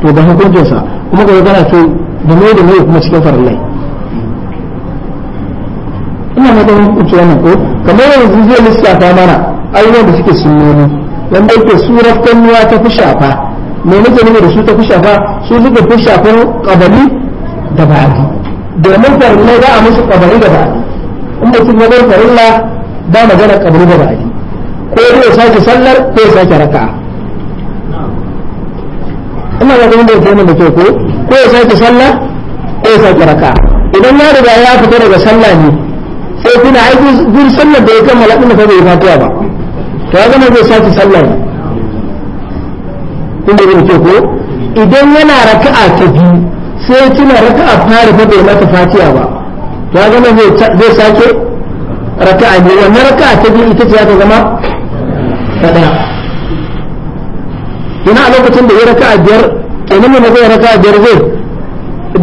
S1: to da hukuncinsa kuma ka gana to da me da me kuma cikin farallai. ina ma da hukunci wannan ko kamar yanzu zai lissafa mana ainihin da suke sunnoni wanda yake surar kannuwa ta fi shafa mai nake ne da su ta fi shafa su suka fi shafar kabari da ba'adi domin farilla za a musu kabari da ba'adi in mutum ya bar farilla ba magana kabari da ba'adi ko dai ya sake sallar ko ya sake raka ina ga ganin da ya kai da ke ko ko ya sake sallar ko ya sake raka idan ya riga ya fita daga sallah ne sai kuna aiki gudun sallar da ya kammala din fa bai fatuwa ba to zama zai sake sallar inda zai ke ko idan yana raka'a ta biyu sai tuna raka'a fara fa bai mata fatiha ba to zama zai sake raka'a ne wannan raka'a ta biyu ita ce ta zama ta daya ina a lokacin da ya raka'a biyar kenan ne zai raka'a biyar zai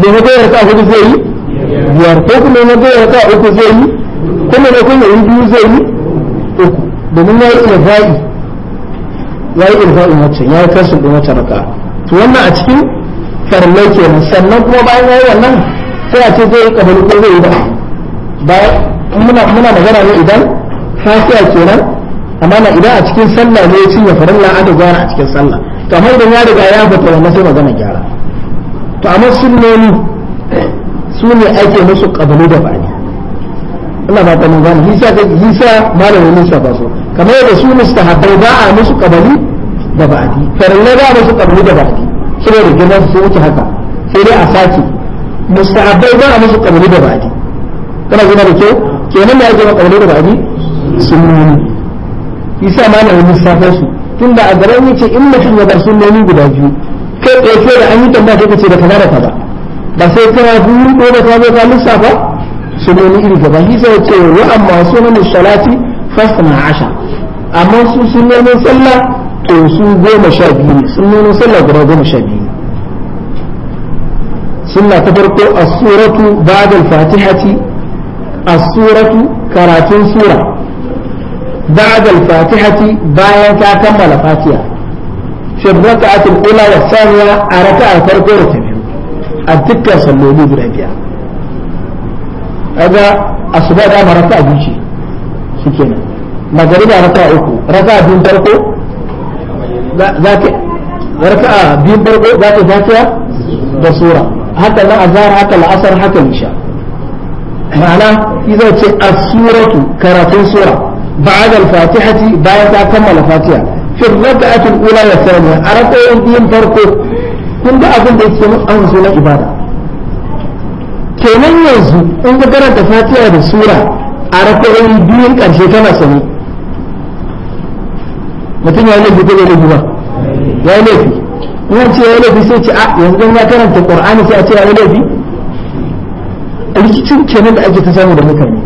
S1: da na zai raka'a hudu zai yi biyar ko kuma na zai raka'a uku zai yi kuma na kuma yin biyu zai yi uku domin ya yi irfa'i ya yi irfa'in waccan ya yi karshen ɗin wacce raka to wannan a cikin farmai nan sannan kuma bayan ya yi wannan sai a ce zai yi kabali ko zai yi ba bayan muna magana ne idan fasiya kenan amma na idan a cikin sallah ne ya cinye farilla aka gyara a cikin sallah kamar idan ya riga ya fita wannan sai magana gyara to amma sunnoni su ne ake musu kabali da bani Allah ba ta mun gane hisa hisa malamin nisa ba so kamar da su mustahabbai ba a musu kabali da ba'adi farilla ba a musu kabali da ba'adi saboda gina su wuce haka sai dai a sake mustahabbai ba a musu kabali da ba'adi kana gina da kyau kenan da ya gina kabali da ba'adi sunnoni isa ma na yin safar su tunda a gaban yace in mutum ya bar sunnoni guda biyu kai tsaye sai da an yi tambaya ta ce da kaza da kaza ba sai kana buru ko ba ta zo ka lissafa sunnoni iri gaba shi sai ya ce wa amma sunan salati fasna asha amma su sunnonin sallah to su goma sha biyu ne sunnonin sallah guda goma sha biyu sunna ta farko as-suratu ba'da al-fatihati as-suratu karatun sura ba'da al-fatihati bayan ka kammala fatiha fi rak'ati al-ula wa thaniya a raka'a farko da ta biyu a dukkan salloli guda biyar kaga asuba da maraka abinci shikenan magariba raka'a uku raka'a biyun farko za ka raka'a biyun farko za da sura haka na azhar haka la'asar haka isha ma'ana idan ce as-suratu karatun sura بعد الفاتحة بعد كمل الفاتحة في الركعة الأولى والثانية أركعين بين فرقه abin da yake an zo ibada kenan yanzu in ka karanta fatiha da sura a raka'o'i biyun karshe tana sanu mutum ya laifi ko bai laifi ba ya laifi in ce ya laifi sai ce a yanzu ya karanta qur'ani sai a ce ya laifi rikicin kenan da ake ta samu da mutane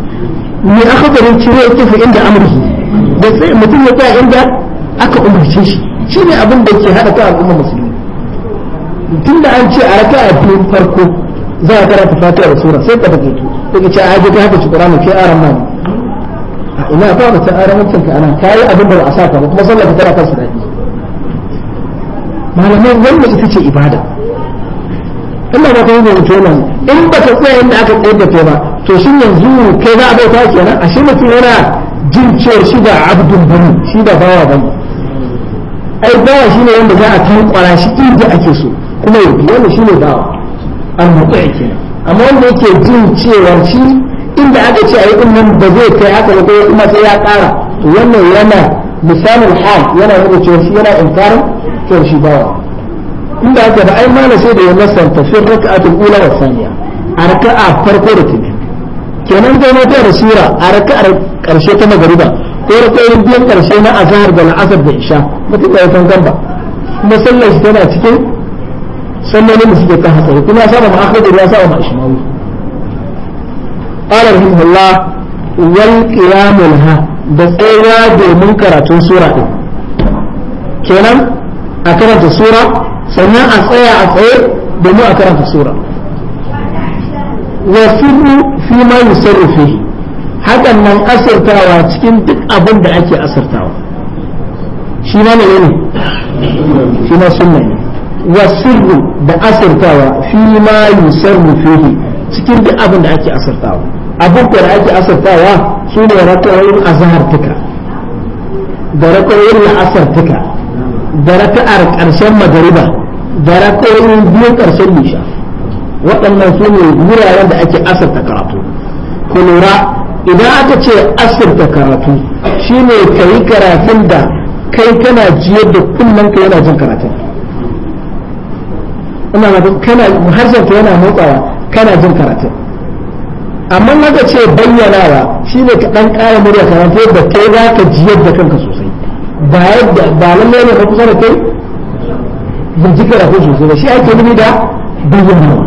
S1: me aka garin cire ya tafi inda amurki da sai mutum ya tsaya inda aka umarce shi shi ne abin da ke haɗa ta al'umma musulmi tun da an ce a raka a biyun farko za a karanta fatiha da sura sai ka tafi sai ce ai duk haka Qur'ani kai aran nan ina ba ta aran mutum ka anan kai abin da ba a saka ba kuma sallar ka tana kansa dadi malamai wannan ita ce ibada in ba ka yi mutum nan in ba ka tsaya inda aka tsayar da kai ba to shin yanzu kai za a bai ta kenan ashe mutum yana jin cewa shi ba abdun bane shi ba bawa bane ai bawa shine wanda za a tankwara shi inda ake so kuma yau shi ne bawa al-mutai kenan amma wanda yake jin cewa shi inda aka ce a yi nan ba zai kai haka ba ko kuma sai ya ƙara to wannan yana misalin hal yana nuna cewa shi yana inkarin cewa shi bawa inda aka ba ai mana sai da ya masanta fi raka'atul ula wa thaniya a raka'a farko da ta kenan dai na da sura a raka'ar karshe ta magariba ko raka'ar biyan karshe na azhar da al'asar da isha mutum ya san ba kuma sallar shi tana cikin sallolin da suke kan hatsari kuma ya saba ma da ya saba ma ishmawi qala rahimahullah wal qiyamul ha da tsayawa domin karatun sura din kenan a karanta sura sannan a tsaya a tsaye domin a karanta sura wa sirru fi ma yusarrifu hakan nan asirtawa cikin duk abin da ake asirtawa shi ma ne ne shi ma sunna ne والسر da asirtawa fi ma yusarru fihi cikin duk abin da ake asirtawa abin da ake asirtawa su ne rakayoyin azhar tuka da rakayoyin la'asar tuka da raka'ar karshen magariba da rakayoyin biyu nisha waɗannan su ne wuraren da ake asirta karatu ku idan aka ce asirta karatu shine kayi karatun da kai kana jiyar da kullum ka yana jin karatun ina mutum kana ta yana motsawa kana jin karatu amma na ga ce bayyanawa shine ka dan ƙara murya kamar da kai za ka ji yadda kanka sosai ba yadda ba lallai ne ka kusa da kai ya ji karatu sosai ba shi ake nufi da bayyanawa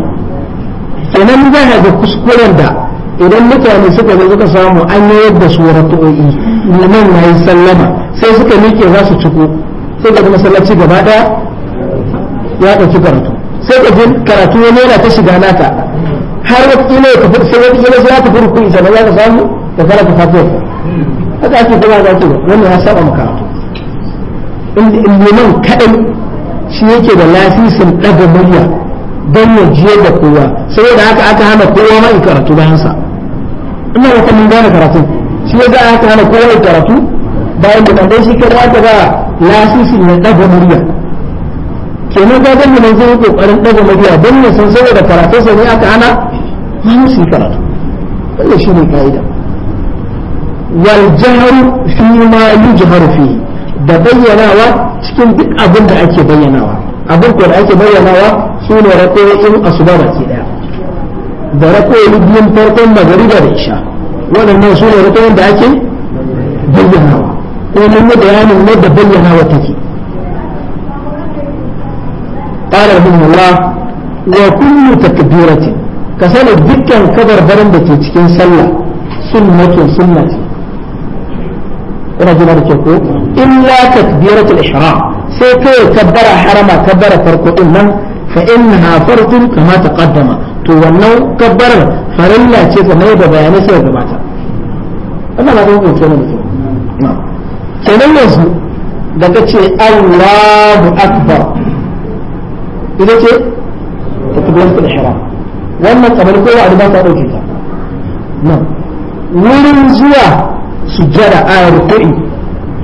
S1: kenan za ka ga kuskuren da idan mutane suka zo suka samu an yi yadda su ratu'o'i liman na yi sallama sai suka miƙe za su ciko sai ga masallaci gaba ɗaya ya ɗauki karatu sai ka je karatu wani yana ta shiga naka har wata ila ya tafi sai wata ila sai ya tafi rukuni sannan za ka samu ka karanta fatiyar haka ake kuma za ce wannan ya saba maka liman kaɗai shi yake da lasisin ɗaga murya don ya jiyar da kowa saboda haka aka hana kowa ma in karatu bayan sa ina wata mun gane karatu shi ya za a haka hana kowa in karatu bayan da ɗan shi kada aka ga lasisin ya ɗaga murya kenan ga ganin nan zai yi kokarin daga mabiya don ne sun saboda karatun sa ne aka ana mana su karatu wannan shi ne ka'ida wal jahru fi ma yujharu fi da bayyanawa cikin duk abin da ake bayyanawa abin ko da ake bayyanawa su ne rakoyin asuba baki daya da rakoyin biyun farkon magariba da isha waɗannan su ne rakoyin da ake bayyanawa ko mun yi bayanin yadda bayyanawa take قال رحمه الله وكل تكبيرة كسال الذكر كبر برن بتتكين سلة سنة سنة رجل رجل إلا تكبيرة الإحرام سيكي كبر حرم كبر فرق إلا فإنها فرض كما تقدم تو ونو كبر فرلا شيء كما يبقى بيانه سيبقى جماعة أما لا تقول كنا نعم كنا نزل daga ce Allahu Akbar ita ce ta tabbatar da ihram wannan kamar kowa a ba ta dauke ta nan wurin zuwa su jara a za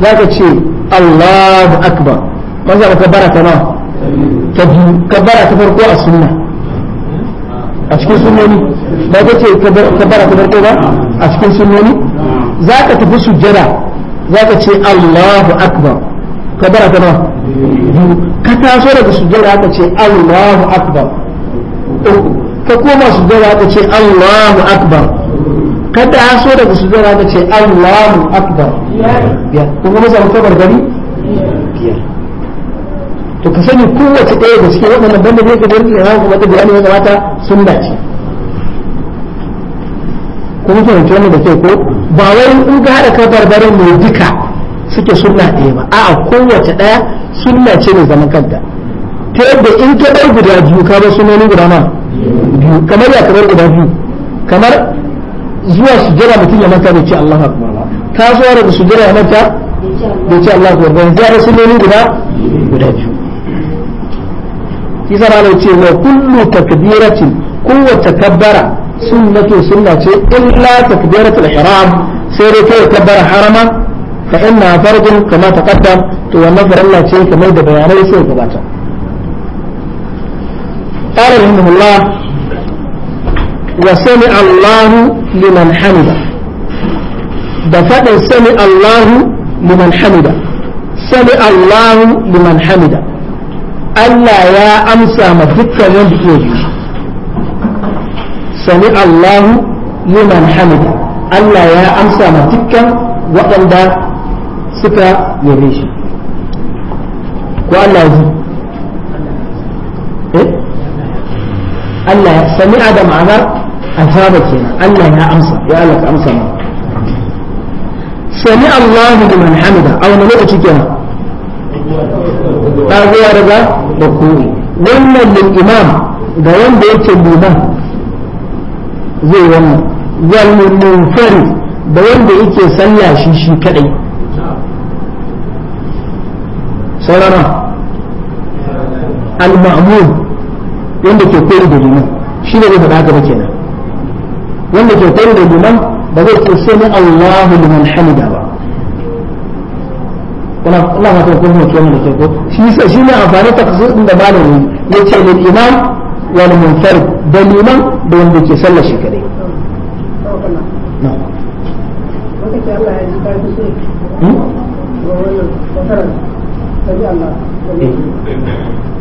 S1: zaka ce Allahu akbar maza ka bara ta nawa ta biyu ka bara ta farko a sunna a cikin sunnoni ba ka ce ka bara ta farko ba a cikin sunnoni zaka tafi za ka ce Allahu akbar kabara ta nawa ka taso daga sujjada ka ce Allahu akbar ka koma sujjada ka ce Allahu akbar ka taso daga sujjada ka ce Allahu akbar ya kuma masa kabar gani to ka sani kowace ɗaya da cikin waɗannan banda ne ka da rikin yana kuma tabi ana yana mata sun dace kuma fahimci wannan da ke ko ba wai in ka haɗa ka barbarin ne duka suke sunna ɗaya ba a'a kowace ɗaya sunna ce da zaman kanta ta yadda in ka bar guda biyu ka bar sunoni guda ma biyu kamar ya kamar guda biyu kamar zuwa su jira mutum ya manta bai ce Allahu akbar ba ka zuwa daga sujjada ya manta bai ce Allah akbar ba yanzu ya bar sunoni guda guda biyu kisa malam ce wa kullu takbiratin kowace kabbara sunnatu sunna ce illa takbiratul ihram sai dai kai kabbara harama fa inna fardun kama taqaddam to wannan farilla ce kamar da bayanai sai gabata قال رحمه الله وسمع الله لمن حمده دفع سمع الله liman hamida سمع الله liman hamida Allah ya amsa ma dukkan wanda sami Allahu liman hamida Allah ya amsa ma dukkan waɗanda suka yabe shi ko Allah ji eh Allah ya sami adam ma'anar azaba kenan Allah ya amsa ya Allah ka amsa mu sami Allahu liman hamida a wani lokaci kenan tagowa daga da kuri wannan lil imam da wanda yake liman zai wannan wal munfarid da wanda yake sallah shi shi kadai saurana al-ma'mum wanda ke koyi da liman shi ne zai faɗa haka ba kenan wanda ke koyi da liman ba zai ce sami Allahu liman hamida ba kuna Allah ma ta kuma mutu wannan da ke ko shi yasa shi ne amfani ta kusurin da malami ya ce lil imam wal munfarid da liman da wanda ke sallar shi kadai na'am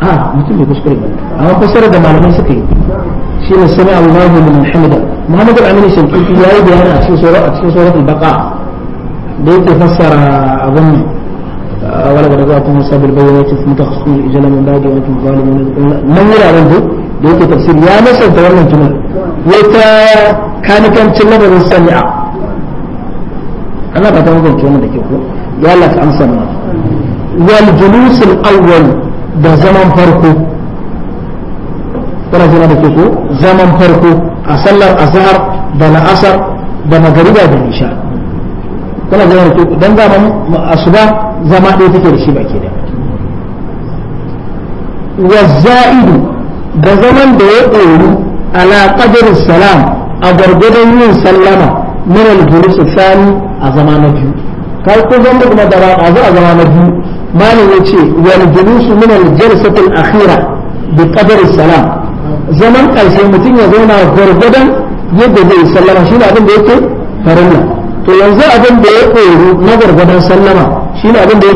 S1: a mutum bai kuskure ba amma fassara da malamai suka yi shi ne sami Allahu liman hamida Muhammad al-Amin Shankifi ya yi bayani a cikin surat a cikin surat al-Baqa da yake fassara abin wala wala za ta musa bil bayyinati fa mutakhassisun ijala min ba'di wa antum zalimun nan ne ran da da yake tafsir ya nasanta wannan tunan ya ta kanikancin lafazin sami'a Allah ba ta mutunta wannan da ke ko ya Allah ka amsa mana wal julusul awwal da zaman farko kana jira da ke ko zaman farko a sallar azhar da la'asar da magariba da isha kana jira da ke dan zaman asuba zama ɗaya take da shi baki da wazzaidu da zaman da ya ɗoru ala qadri salam a gargadon yin sallama min al-julus thani a zama na biyu kai ko zan da kuma da ba a zama na biyu malam ya ce wal julusu min al jalsatil akhira bi qadar salam zaman karshe mutum ya zauna gwargwadon yadda zai sallama shi ne abin da yake farilla to yanzu abin da ya koyo na gwargwadon sallama shi ne abin da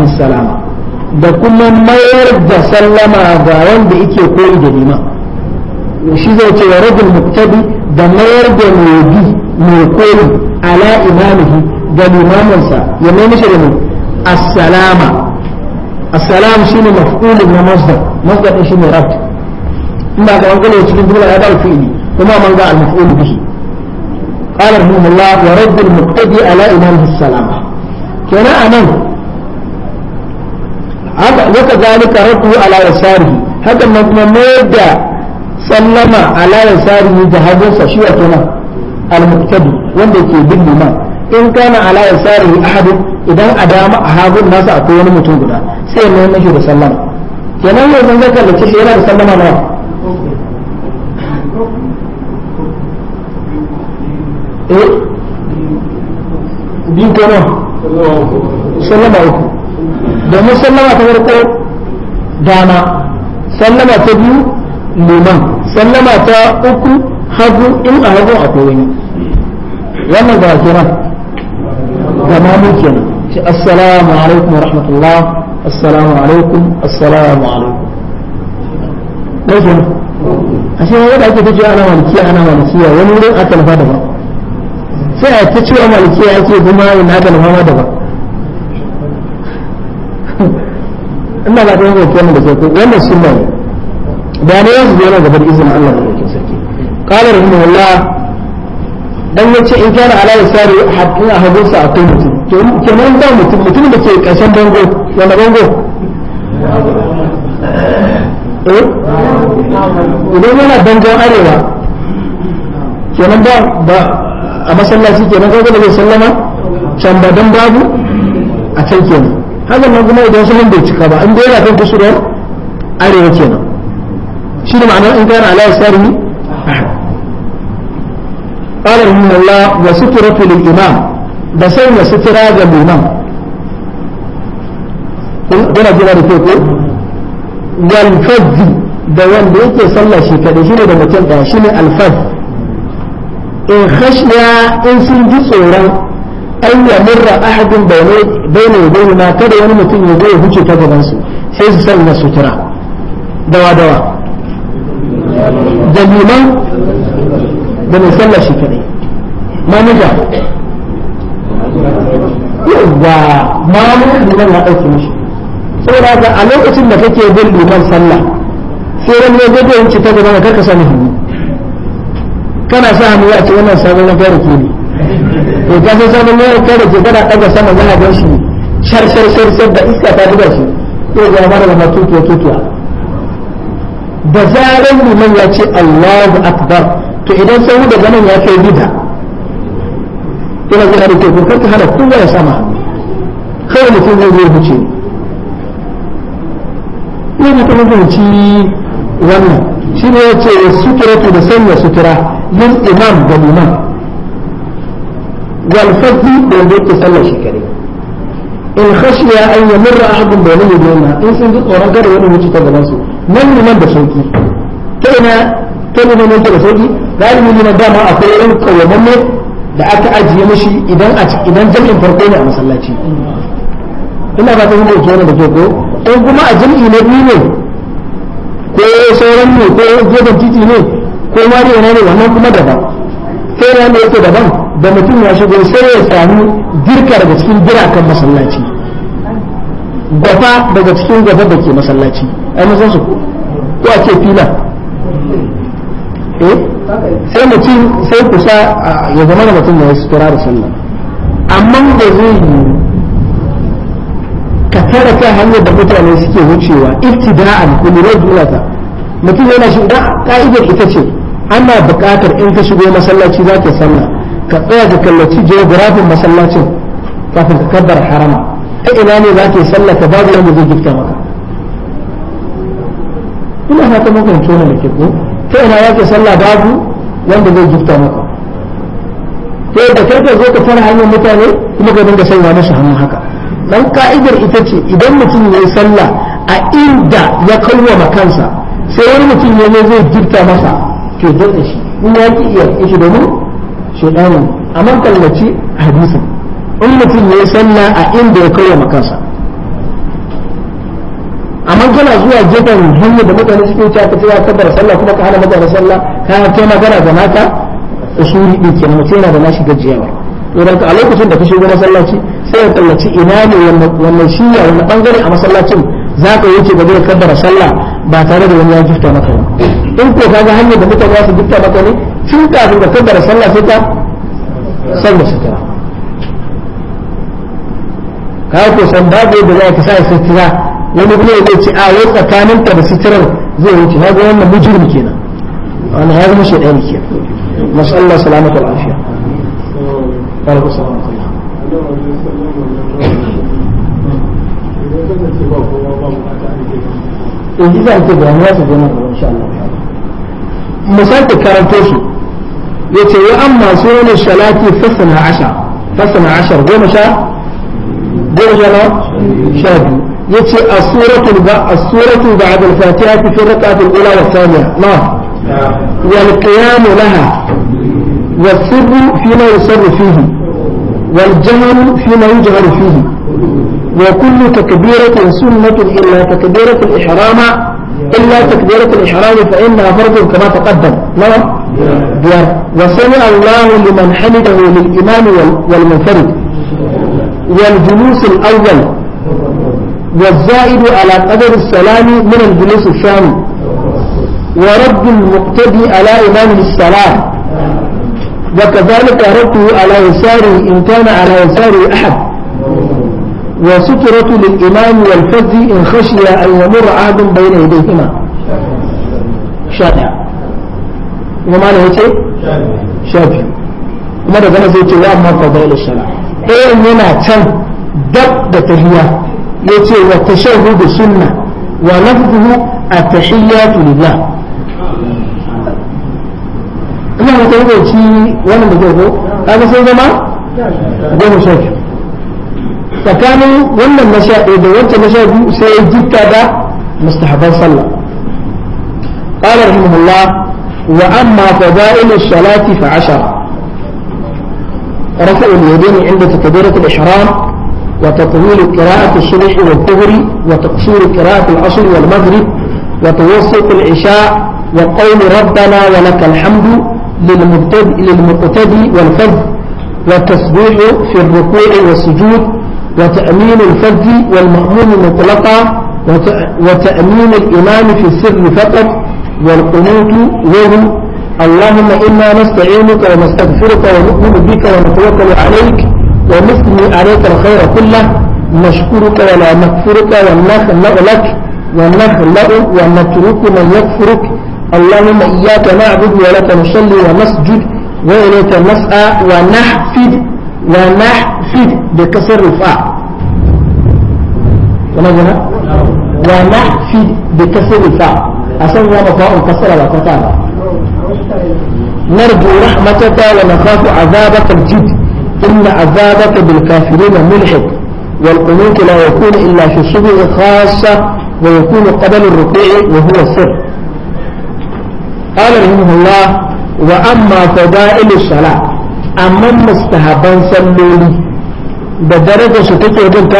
S1: wa salama da kuma mayar da sallama ga wanda yake koyi da liman shi zai ce wa raddul muqtadi da mayar da mai mai ala imamihi ga limaminsa ya mai mishi da mu assalama assalam ne maf'ulun na masdar masdar din shine rabt in ba ga wani cikin jumla ya dawo fi'ili kuma man ga al-maf'ul bihi qala rahimahullah wa radd al-muqtadi ala imamihi assalama kenan anan haka wata zalika raddu ala yasarihi haka nan kuma mai da sallama ala yasarihi da hagunsa shi wato nan al wanda ke bin liman in kana ala yasarihi ahadun idan a dama a hagun nasa akwai wani mutum guda sai ya mai sallama kenan yau zan zaka kallace yana da sallama nawa eh ta uku hagu in a hagu akwai wani wannan ba kira zamanin kenan ce assalamu alaikum wa rahmatullah assalamu alaikum assalamu alaikum ɗauke na a shi wanda ake ta ce ana malikiya ana malikiya wani wurin aka nufa daban sai a ta cewa malikiya ake kuma yin aka nufa ma daban ina ba ta yanzu kenan da ke wannan sunna ne da ne yanzu yana gabar izinin Allah ne قال رحمه الله dan yace in kana ala yasari sa a kai mutum to kenan ba mutum mutum da ke kasan bango wanda bango eh idan yana bangon arewa kenan ba ba a masallaci kenan kaga da zai sallama can ba dan babu a can kenan haka nan kuma idan sunan bai cika ba in dai yana kan kusurwar arewa kenan shi ne ma'ana in kana ala yasari قال رحمه الله وسترة للإمام بسين سترة للإمام da teku walfazzi da wanda yake sallah shi kadai shine da mutum daya shine alfaz in khashya in sun ji tsoron an ya murra ahadin bayna yadayhi ma kada wani mutum ya zo ya huce ta gaban su sai sanya sutura dawa dawa da da mai sallah shi kadai manaja yawwa mamun liman ya ɗauki mishi saboda a lokacin da kake bin liman sallah sai ran ne gado ci ta gaba ka ka sani hannu kana sa hannu ya ce wannan sabon na fara ke ne to ka san sabon na fara ke kana daga sama za a gan shi shar shar shar shar da iska ta buga shi ko ga mara da matutuwa tutuwa da zaran liman ya ce Allahu akbar to idan sai da ganin ya kai bida ina zuwa da teku karka hana kowa ya sama kawai mutum zai zai huce ne mutum ci wannan shi ne ya ce sutura da sanya sutura yin imam da liman walfazi da wanda yake sallar shi kare in khashiya an yamurra ahadun bainahu bainahu in sun ji tsoron kada wani wuce ta gaban su nan liman da sauki ta ina ta liman yake da sauki galibi ne dama akwai irin kawamamme da aka ajiye mashi idan a idan jami'in farko ne a masallaci ina ba ta yi mai kenan da ke ko in kuma a jami'i na biyu ne ko sauran ne ko gefen titi ne ko mari yana ne wannan kuma daban sai ne yake daban da mutum ya shigo sai ya samu girka daga cikin kan masallaci gwafa daga cikin gwafa da ke masallaci ai mun su ko a ce fila eh sai mutum sai kusa ya zama da mutum ya sutura da sallah amma da zai yi ka tara ta hanyar da mutane suke wucewa ibtida'an ku lura ta. mutum yana shi da ka'idar ita ce ana bukatar in ka shigo masallaci za ka sallah ka tsaya ka kallaci geografin masallacin kafin ka kabbar harama ta ina ne za ka sallah ka babu wanda zai gifta maka ina fata mukan tona da ke ko ta ina ya ke sallah babu wanda zai jifta maka ta yadda karfe zo ka tara hanyar mutane kuma ka dinga sanya masa hannun haka dan ka'idar ita ce idan mutum ya yi sallah a inda ya kalwama kansa sai wani mutum ya ne zai jifta masa to dole shi in ya ki iya kishi domin shedanin amma kallaci hadisin in mutum ya yi sallah a inda ya kalwama makansa. amma kana zuwa gefen hanyar da mutane suke cewa ka tsaya kabar sallah kuma ka hana mutane sallah ka kai magana da mata usuri din kenan mutum yana da nashi gajiyawa to dan a lokacin da ka shigo masallaci sai ya tallaci ina ne wannan shiya wannan bangare a masallacin za ka wuce ba zai kabbara sallah ba tare da wani ya gifta maka ba in ko ga hanyar da mutane za su gifta maka ne tun kafin da kabbara sallah sai ka sallah sutura ka ko san babu da za ka sa sutura wani kuma ya ce a wai tsakaninta da sitirar zai wuce ya ga wannan mujrim kenan wannan ya zama shaidan kenan masu Allah salamatu al'afiya yanzu za a ce bayan ya su zo nan insha Allah mu sake karanto su ya ce wa amma sunan shalati fasana ashar fasana ashar goma sha goma sha na sha biyu يتي السورة السورة بعد الفاتحة في الركعة الأولى والثانية نعم والقيام لها والسر فيما يسر فيه والجهل فيما يجهل فيه وكل تكبيرة سنة إلا تكبيرة الإحرام إلا تكبيرة الإحرام فإنها فرض كما تقدم نعم وسمع الله لمن حمده للإمام والمنفرد والجلوس الأول والزائد على قدر السلام من الجلوس الشام ورد المقتدي على إمام السلام وكذلك رده على يساره إن كان على يساره أحد وسترة للإمام والفز إن خشي أن يمر عهد بين يديهما شافع وما له شيء شافع وما له زي ما فضائل الشرع إيه إننا تن دب تهيئة يتي والتشهد سنة ولفظه التحيات لله الله متوضع شيء وانا متوضع هذا سيد ما جمع شاك فكانوا ولا المشاهد إذا وانت مشاهد سيجدك كذا مستحبا صلى قال رحمه الله وأما فضائل الصلاة فعشر رفع اليدين عند تكبيرة الإحرام وتطويل قراءة الصبح والظهر وتقصير قراءة العصر والمغرب وتوسط العشاء وقول ربنا ولك الحمد للمقتدي والفذ والتسبيح في الركوع والسجود وتأمين الفذ والمأمون مطلقا وتأمين الإمام في السر فقط والقنوت وهو اللهم إنا نستعينك ونستغفرك ونؤمن بك ونتوكل عليك ومثلي عليك الخير كله نشكرك ولا نكفرك ونخلق لك ونخلق ونترك من يكفرك اللهم إياك نعبد ولك نصلي ونسجد وإليك نسعى ونحفد ونحفد بكسر الفاء ونحفد بكسر الفاء أسمى مفاء كسر وكتابة نرجو رحمتك ونخاف عذابك الجد إن عذابك بالكافرين ملحق والقنوت لا يكون إلا في الصبح خاصة ويكون قبل الركوع وهو سر قال رحمه الله وأما فضائل الصلاة أما مستحبا صلوني بدرجة ستكي ذلك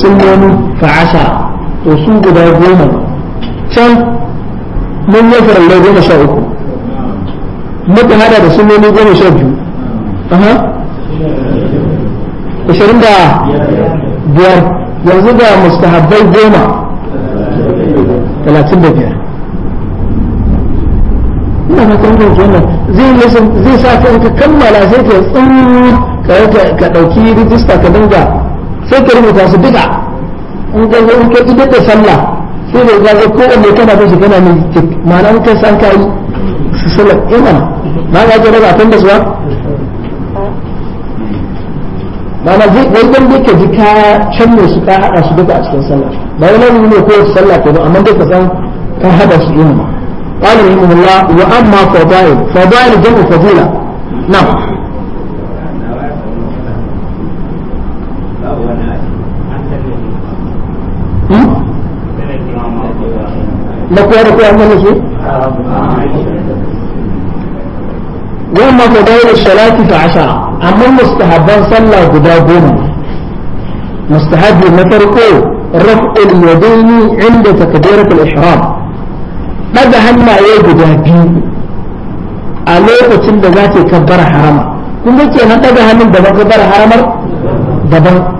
S1: سنون فعشا وسوق ده قوما من يفر الله قوم شاء
S2: متى هذا سنوني
S1: قوم شاء aha ashirin da biyar yanzu da mustahabbai goma talatin da biyar ina fatan da wannan zai sa ka ka kammala sai ka tsuru ka ɗauki rijista ka dinga sai ka rubuta su duka in ka zo ka ji duka sallah sai da ga ko wanda kana da shi kana ne ma'ana in ka san kai su sallah ina ba ga jira ba tun da suwa mana zai wai dan ka ji ka canne su ka hada su duka a cikin sallah ba wai nan ne ko sallah ko ba amma dai ka san ka su din ba قال رحمه الله واما فضائل فضائل جمع فضيله نعم na kowa da kowa su وما فضائل الصلاة فعشاء أما المستحب صلى قدا قوم مستحب نتركه رفع اليدين عند تكبيرة الإحرام ماذا هنا يجد بيو ألوك تند ذات كبر حرام كنت كنا ماذا هنا كبر حرام دبا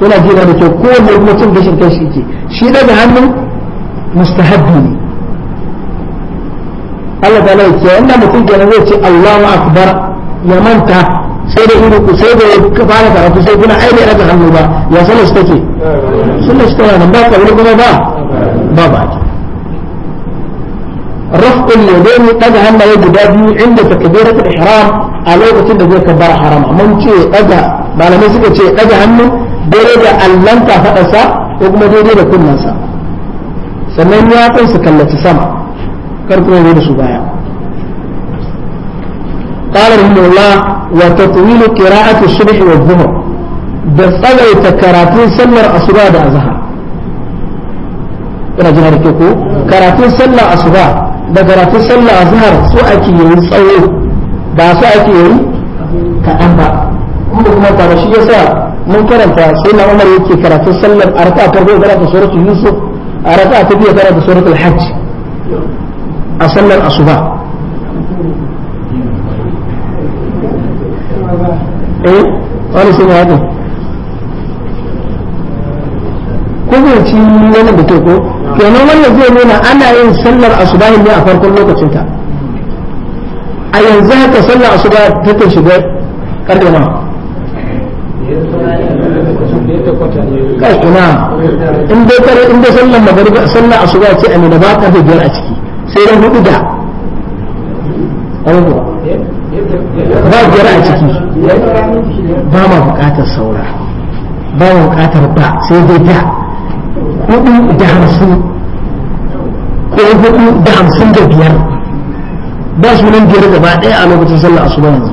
S1: kuna jira da kyau kowane mutum gashin kai shi ke هم daga hannun Allah ta lai ce wanda mutum kenan zai ce Allahu akbar ya manta sai da ido sai da ya fara karatu sai kuna ai daga hannu ba ya sanar shi take sunna shi tana nan ba kabili kuma ba ba ba رفع اليدين قد هم يجب عند تكبيرة الإحرام على وقت الذي كبر حرام من شيء daga malamai suka ce daga hannu daidai da allon kafaɗarsa ko kuma daidai da kunnensa sannan ya su kallaci sama kar kuma zo da su baya قال رحمه الله وتطويل قراءة الصبح والظهر بصلي تكراتين سلر أصبع أزهر ina jina da ke ko karatun sallar asuba da karatun sallar azhar su ake yin tsawo ba su ake yi kaɗan ba kuma kuma ba shi yasa mun karanta sai na umar yake karatun sallar a raka'a ta goma karanta suratul yusuf a raka'a ta biyu karanta suratul hajj a sallar asuba eh wani sun haka kubanci wani da ke ko kenan wannan zai nuna ana yin sallar asuba ne a farkon lokacinta a yanzu haka sallar asuba ta ta shiga karfe nawa kai ina in dai sallar magariba sallar asuba ce a ne da ba karfe biyar a ciki sai da hudu da
S2: ba biyar a ciki
S1: ba ma bukatar saura ba ma bukatar ba sai dai da hudu da hamsin ko hudu da hamsin da biyar ba su nan biyar gaba ɗaya a lokacin sallar asuba yanzu.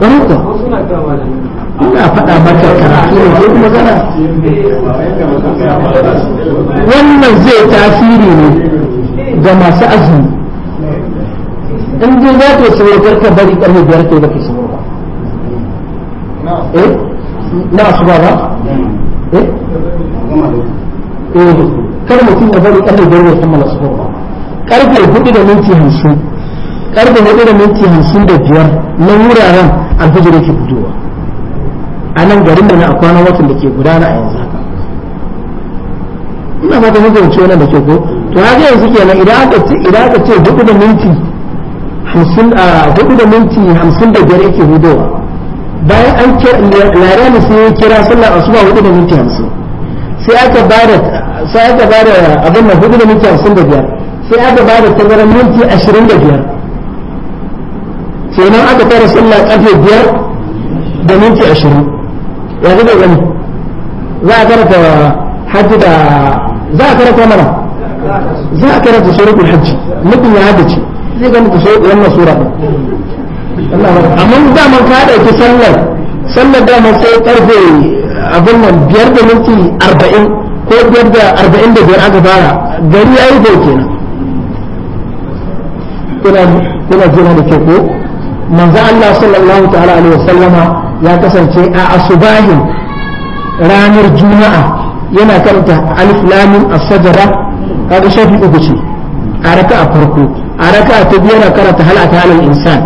S2: Wani kuwa? ina faɗa maka karatu ne ko magana wannan zai tasiri ne ga masu azumi in dai za ka sauro
S1: karka bari karfe biyar ke da baka sauro ba eh na su ba eh eh kar mutum ya bari karfe biyar ya kammala su ba karfe hudu da minti hamsin karfe hudu da minti hamsin da biyar na wuraren alfijirai ke fitowa a nan garin da na a watan da ke gudana a yanzu haka ina fata muku wuce wannan da ke ko to ya ga yanzu kenan idan aka ce idan aka ce hudu da minti hamsin a da minti hamsin da biyar yake hudowa bayan an kira larani sai ya kira sallar asuba hudu da minti hamsin sai aka bada sai aka bada abin nan hudu da minti hamsin da biyar sai aka bada tazarar minti ashirin da biyar kenan aka tara sallar karfe biyar da minti ashirin ya zai gani za a karanta hajji da za a karanta mana za a karanta surukul hajji mutum ya haddace zai gani ta sauƙi wannan sura amma daman ka sallar sallar daman sai karfe abin nan biyar da minti arba'in ko biyar da arba'in da biyar aka fara gari ya yi bai kenan kuna jira da ke ko manzo Allah sallallahu ta'ala alaihi wasallama ya kasance a asubahin ranar juma'a yana karanta alif lam as-sajda kaga shafi uku ce a raka'a farko a raka'a ta biyu yana karanta halata halal insan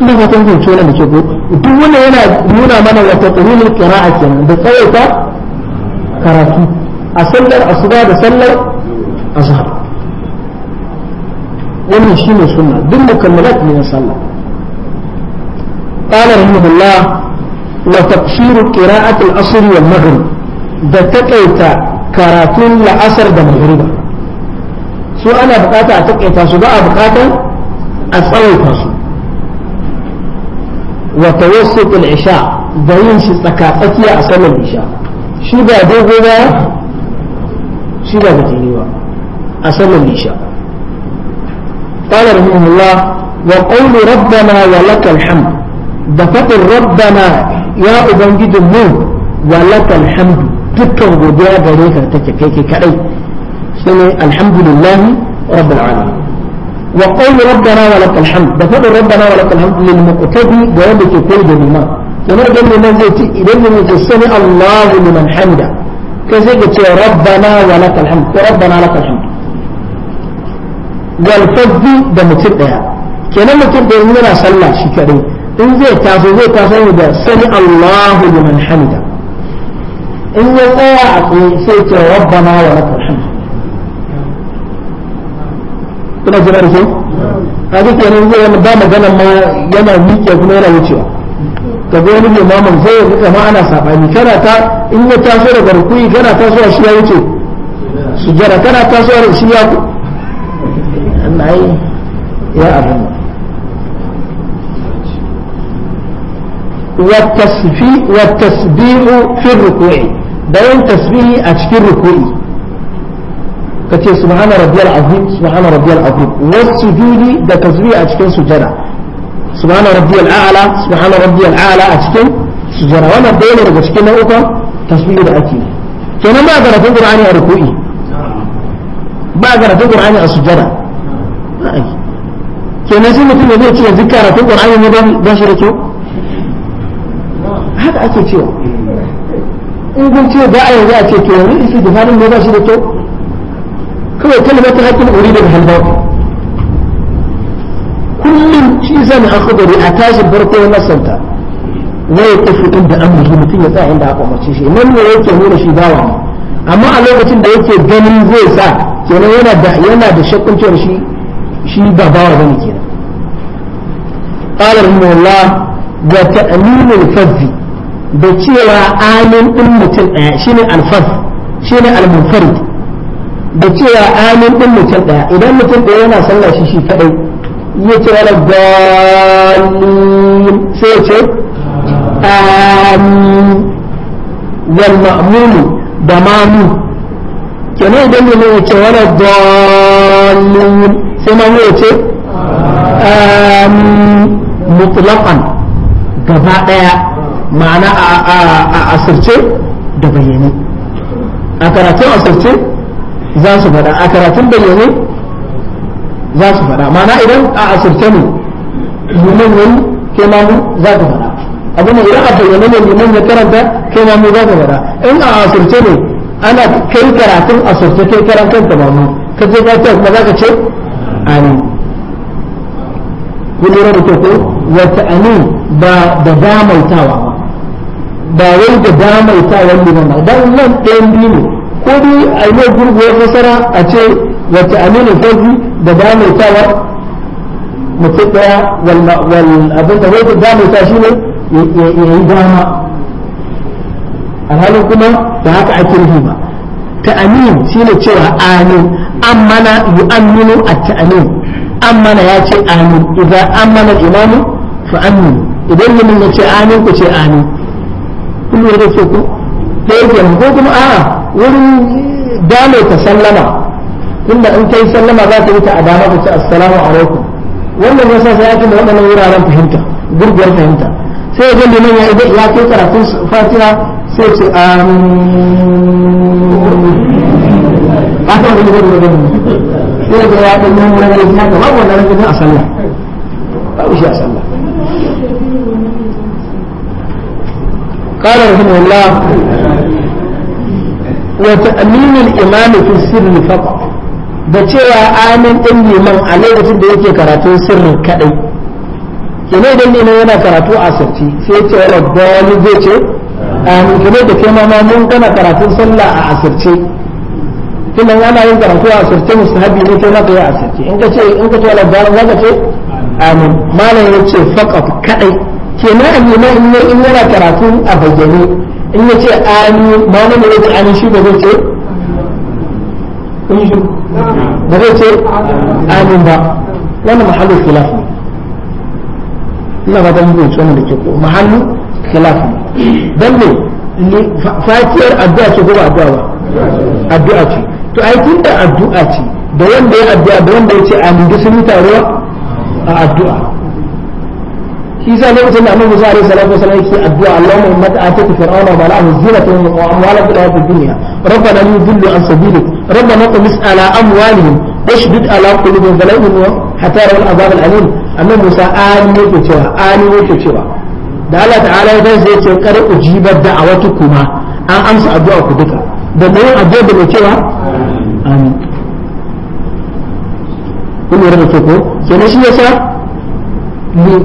S1: ina fatan kun tona da ke ko duk wannan yana nuna mana wata qulul qira'a kenan da tsawaita karatu a sallar asuba da sallar azhar wannan ne sunna duk mukammalat ne na sallah qala rahimahullah wa taqshiru qira'ati al-asr wal maghrib da takaita karatun la'asar da maghriba su ana bukata a takaita su ba a bukata a tsawaita su wa tawassut al-isha da yin shi tsakiya a sallar shi ba shi ba ba a قال رحمه الله وقول ربنا ولك الحمد دفق ربنا يا جد مو ولك الحمد تكر بدعا بريك تككيك كأي سنة الحمد لله رب العالمين وقول ربنا ولك الحمد دفق ربنا ولك الحمد للمقتدي جوابك كل بما kamar قال mai zai idan mai ce sami Allahu liman hamida kai sai ka ce rabbana walfazzi da mutum daya kenan mutum ɗaya in yana sallah shi kaɗai in zai taso zai taso ne da sani Allahu liman hamida in ya tsaya a tsaye sai ce rabbana wa lakal hamd kuna jira da sai kaga kenan zai yana ba magana ma yana miƙe kuma yana wucewa ka ga wani limamin zai rika ma ana sabani kana ta in ya taso daga rukuni kana taso tasowa shi ya wuce sujjara kana taso tasowa shi ya wannan يا أبو النور والتسبيح في الركوع ده يوم تسبيح أشكر ركوعي يا سبحان ربي العظيم سبحان ربي العظيم والسجود ده تسبيح أشكر سجدة سبحان ربي الأعلى سبحان ربي الأعلى أشكر سجدة وانا بين رجشكين أوكا تسبيح ده كان ما أقرأ في القرآن ركوعي ba a karatun Qur'ani a kenan sai mutum ya zai ce yanzu karatun qur'ani ne ba shi da kyau haka ake cewa in kun ce ba a yanzu a ce to yanzu isi da halin ne ba shi da kyau kawai ta kalmatin hakkin uri daga halbaku kullum shi zan akhdari a tashin farko na santa wa tafi inda amri mutum ya tsaya inda aka umarce shi nan ne yake nuna shi bawa amma a lokacin da yake ganin zai sa kenan yana da yana da shakkun cewa shi shi ba bawa bane kenan qala rahimahullah wa ta'min al-fazz da cewa amin din mutum daya shine al-fazz shine al-munfarid da cewa amin din mutum daya idan mutum daya yana sallah shi shi kadai ya ce wala dalil sai ya ce amin wal ma'mum da mamu kenan idan ne ya ce wala dalil sai ma mu ce mutlaqan gaba daya ma'ana a asirce da bayyane a karatun asirce za su faɗa a karatun bayyane za su faɗa ma'ana idan a asirce ne yunan yayi kai ma mu za ka faɗa abu ne idan a bayyane ne yunan ya karanta kai mu za ka faɗa in a asirce ne ana kai karatun asirce kai karan kanka ba mu ka je ba ta kuma za ka ce Amin. kun lura da ko wa ta'anin ba da damaitawa ba ba wai da damaitawan ne ba dan nan ɗayan biyu ne ko dai a yi mai gurguwar nasara a ce wa ta'anin farji da damaitawa mutum ɗaya wal abin da wai da damaita shi ne ya yi dama alhalin kuma ba haka ake nufi ba ta'amin shine cewa amin amana yu'amminu at-ta'min amana ya ce amin idan amana imamu fa amin idan ce amin ku ce amin kun da ke ku ko kuma a wurin dame ta sallama tunda in kai sallama za ta yi ta adama ta ce assalamu alaikum wannan ya sa sai ya kuma waɗannan wuraren fahimta gurguwar fahimta sai ya ga nan ya idan ya kai karatun fatiha sai ce amin
S2: ba ta wani gudu da gudu da ya ɗan nan wani gudu ya kama wannan rangajin a sallah
S1: babu shi a sallah قال رحمه الله وتأمين الإمام في السر فقط da cewa amin ɗin liman a lokacin da yake karatun sirrin kaɗai kene idan liman yana karatu a asirci sai ce wala bani zai ce amin kene da kai ma mun kana karatun sallah a asirce kuma ya ana yin karatu a sirce mustahabi ne kai maka ya a sirce in ka ce in ka tola da za ka ce amin malam ya ce faqat kadai kenan a nema in ya in yana karatu a bayyane in ya ce amin malam ya ce amin shi ba zai ce ba zai ce amin ba wannan mahallu khilaf ina ba dan zai tsoma da ke ko mahallu khilaf ne dan ne fatiyar addu'a ce ko ba addu'a ba addu'a ce to ai tun da addu'a ce da wanda ya addu'a da wanda ya ce amin da sun yi a addu'a isa sa lokacin da annabi sallallahu alaihi wasallam yake addu'a Allahumma ummat ataka fir'auna wa mala'ahu zinatan wa amwalan fil hayatid dunya rabbana yudillu an sabilik rabbana tumis ala amwalihim ala qulubihim fala yu'minu hatta annabi Musa yake cewa yake cewa da Allah ta'ala ya zai ce kar ujibar kuma an amsa addu'a ku duka da mai addu'a da cewa kun lura da ke ko kenan shi yasa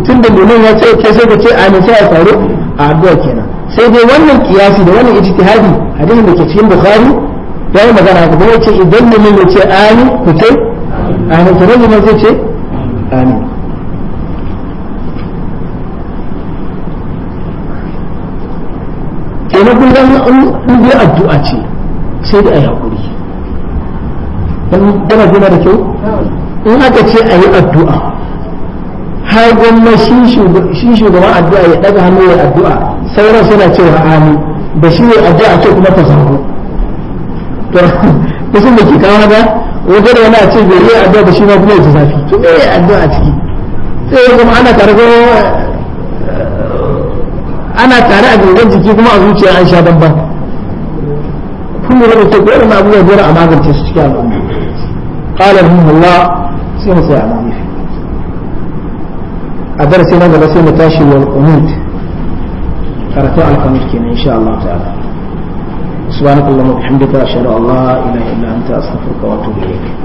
S1: tun da domin ya ce ke sai ka ce a nisa sai a faru a addu'a kenan sai dai wannan kiyasi da wannan ijtihadi hadisin da ke cikin bukhari ya yi magana ga kuma ce idan da ya ce ani ku ce amin kenan liman zai ce amin kenan kun yi in bi addu'a ce sai da ayi hakuri dan gana da kyau in aka ce a yi addu'a har gwamna shi shugaban addu'a ya ɗaga hannu ya addu'a sauran suna ce wa amin da shi ne addu'a ce kuma ta samu kusan da ke kawo da wajen da wani a ce bai yi addu'a da shi ma kuma ya zafi to ne ya addu'a a ciki sai kuma ana karɓo ana tare a gangan jiki kuma a zuciya an sha bamban kun lura da ke kowane abubuwa dole a magance su cikin al'umma قال رحمه الله سيما سيا معنيف أدر سيما دل سيما تاشي والأمود قرأتو على قمتكين إن شاء الله تعالى سبحانك اللهم وبحمدك أشهد أن لا إله إلا أنت أستغفرك وأتوب إليك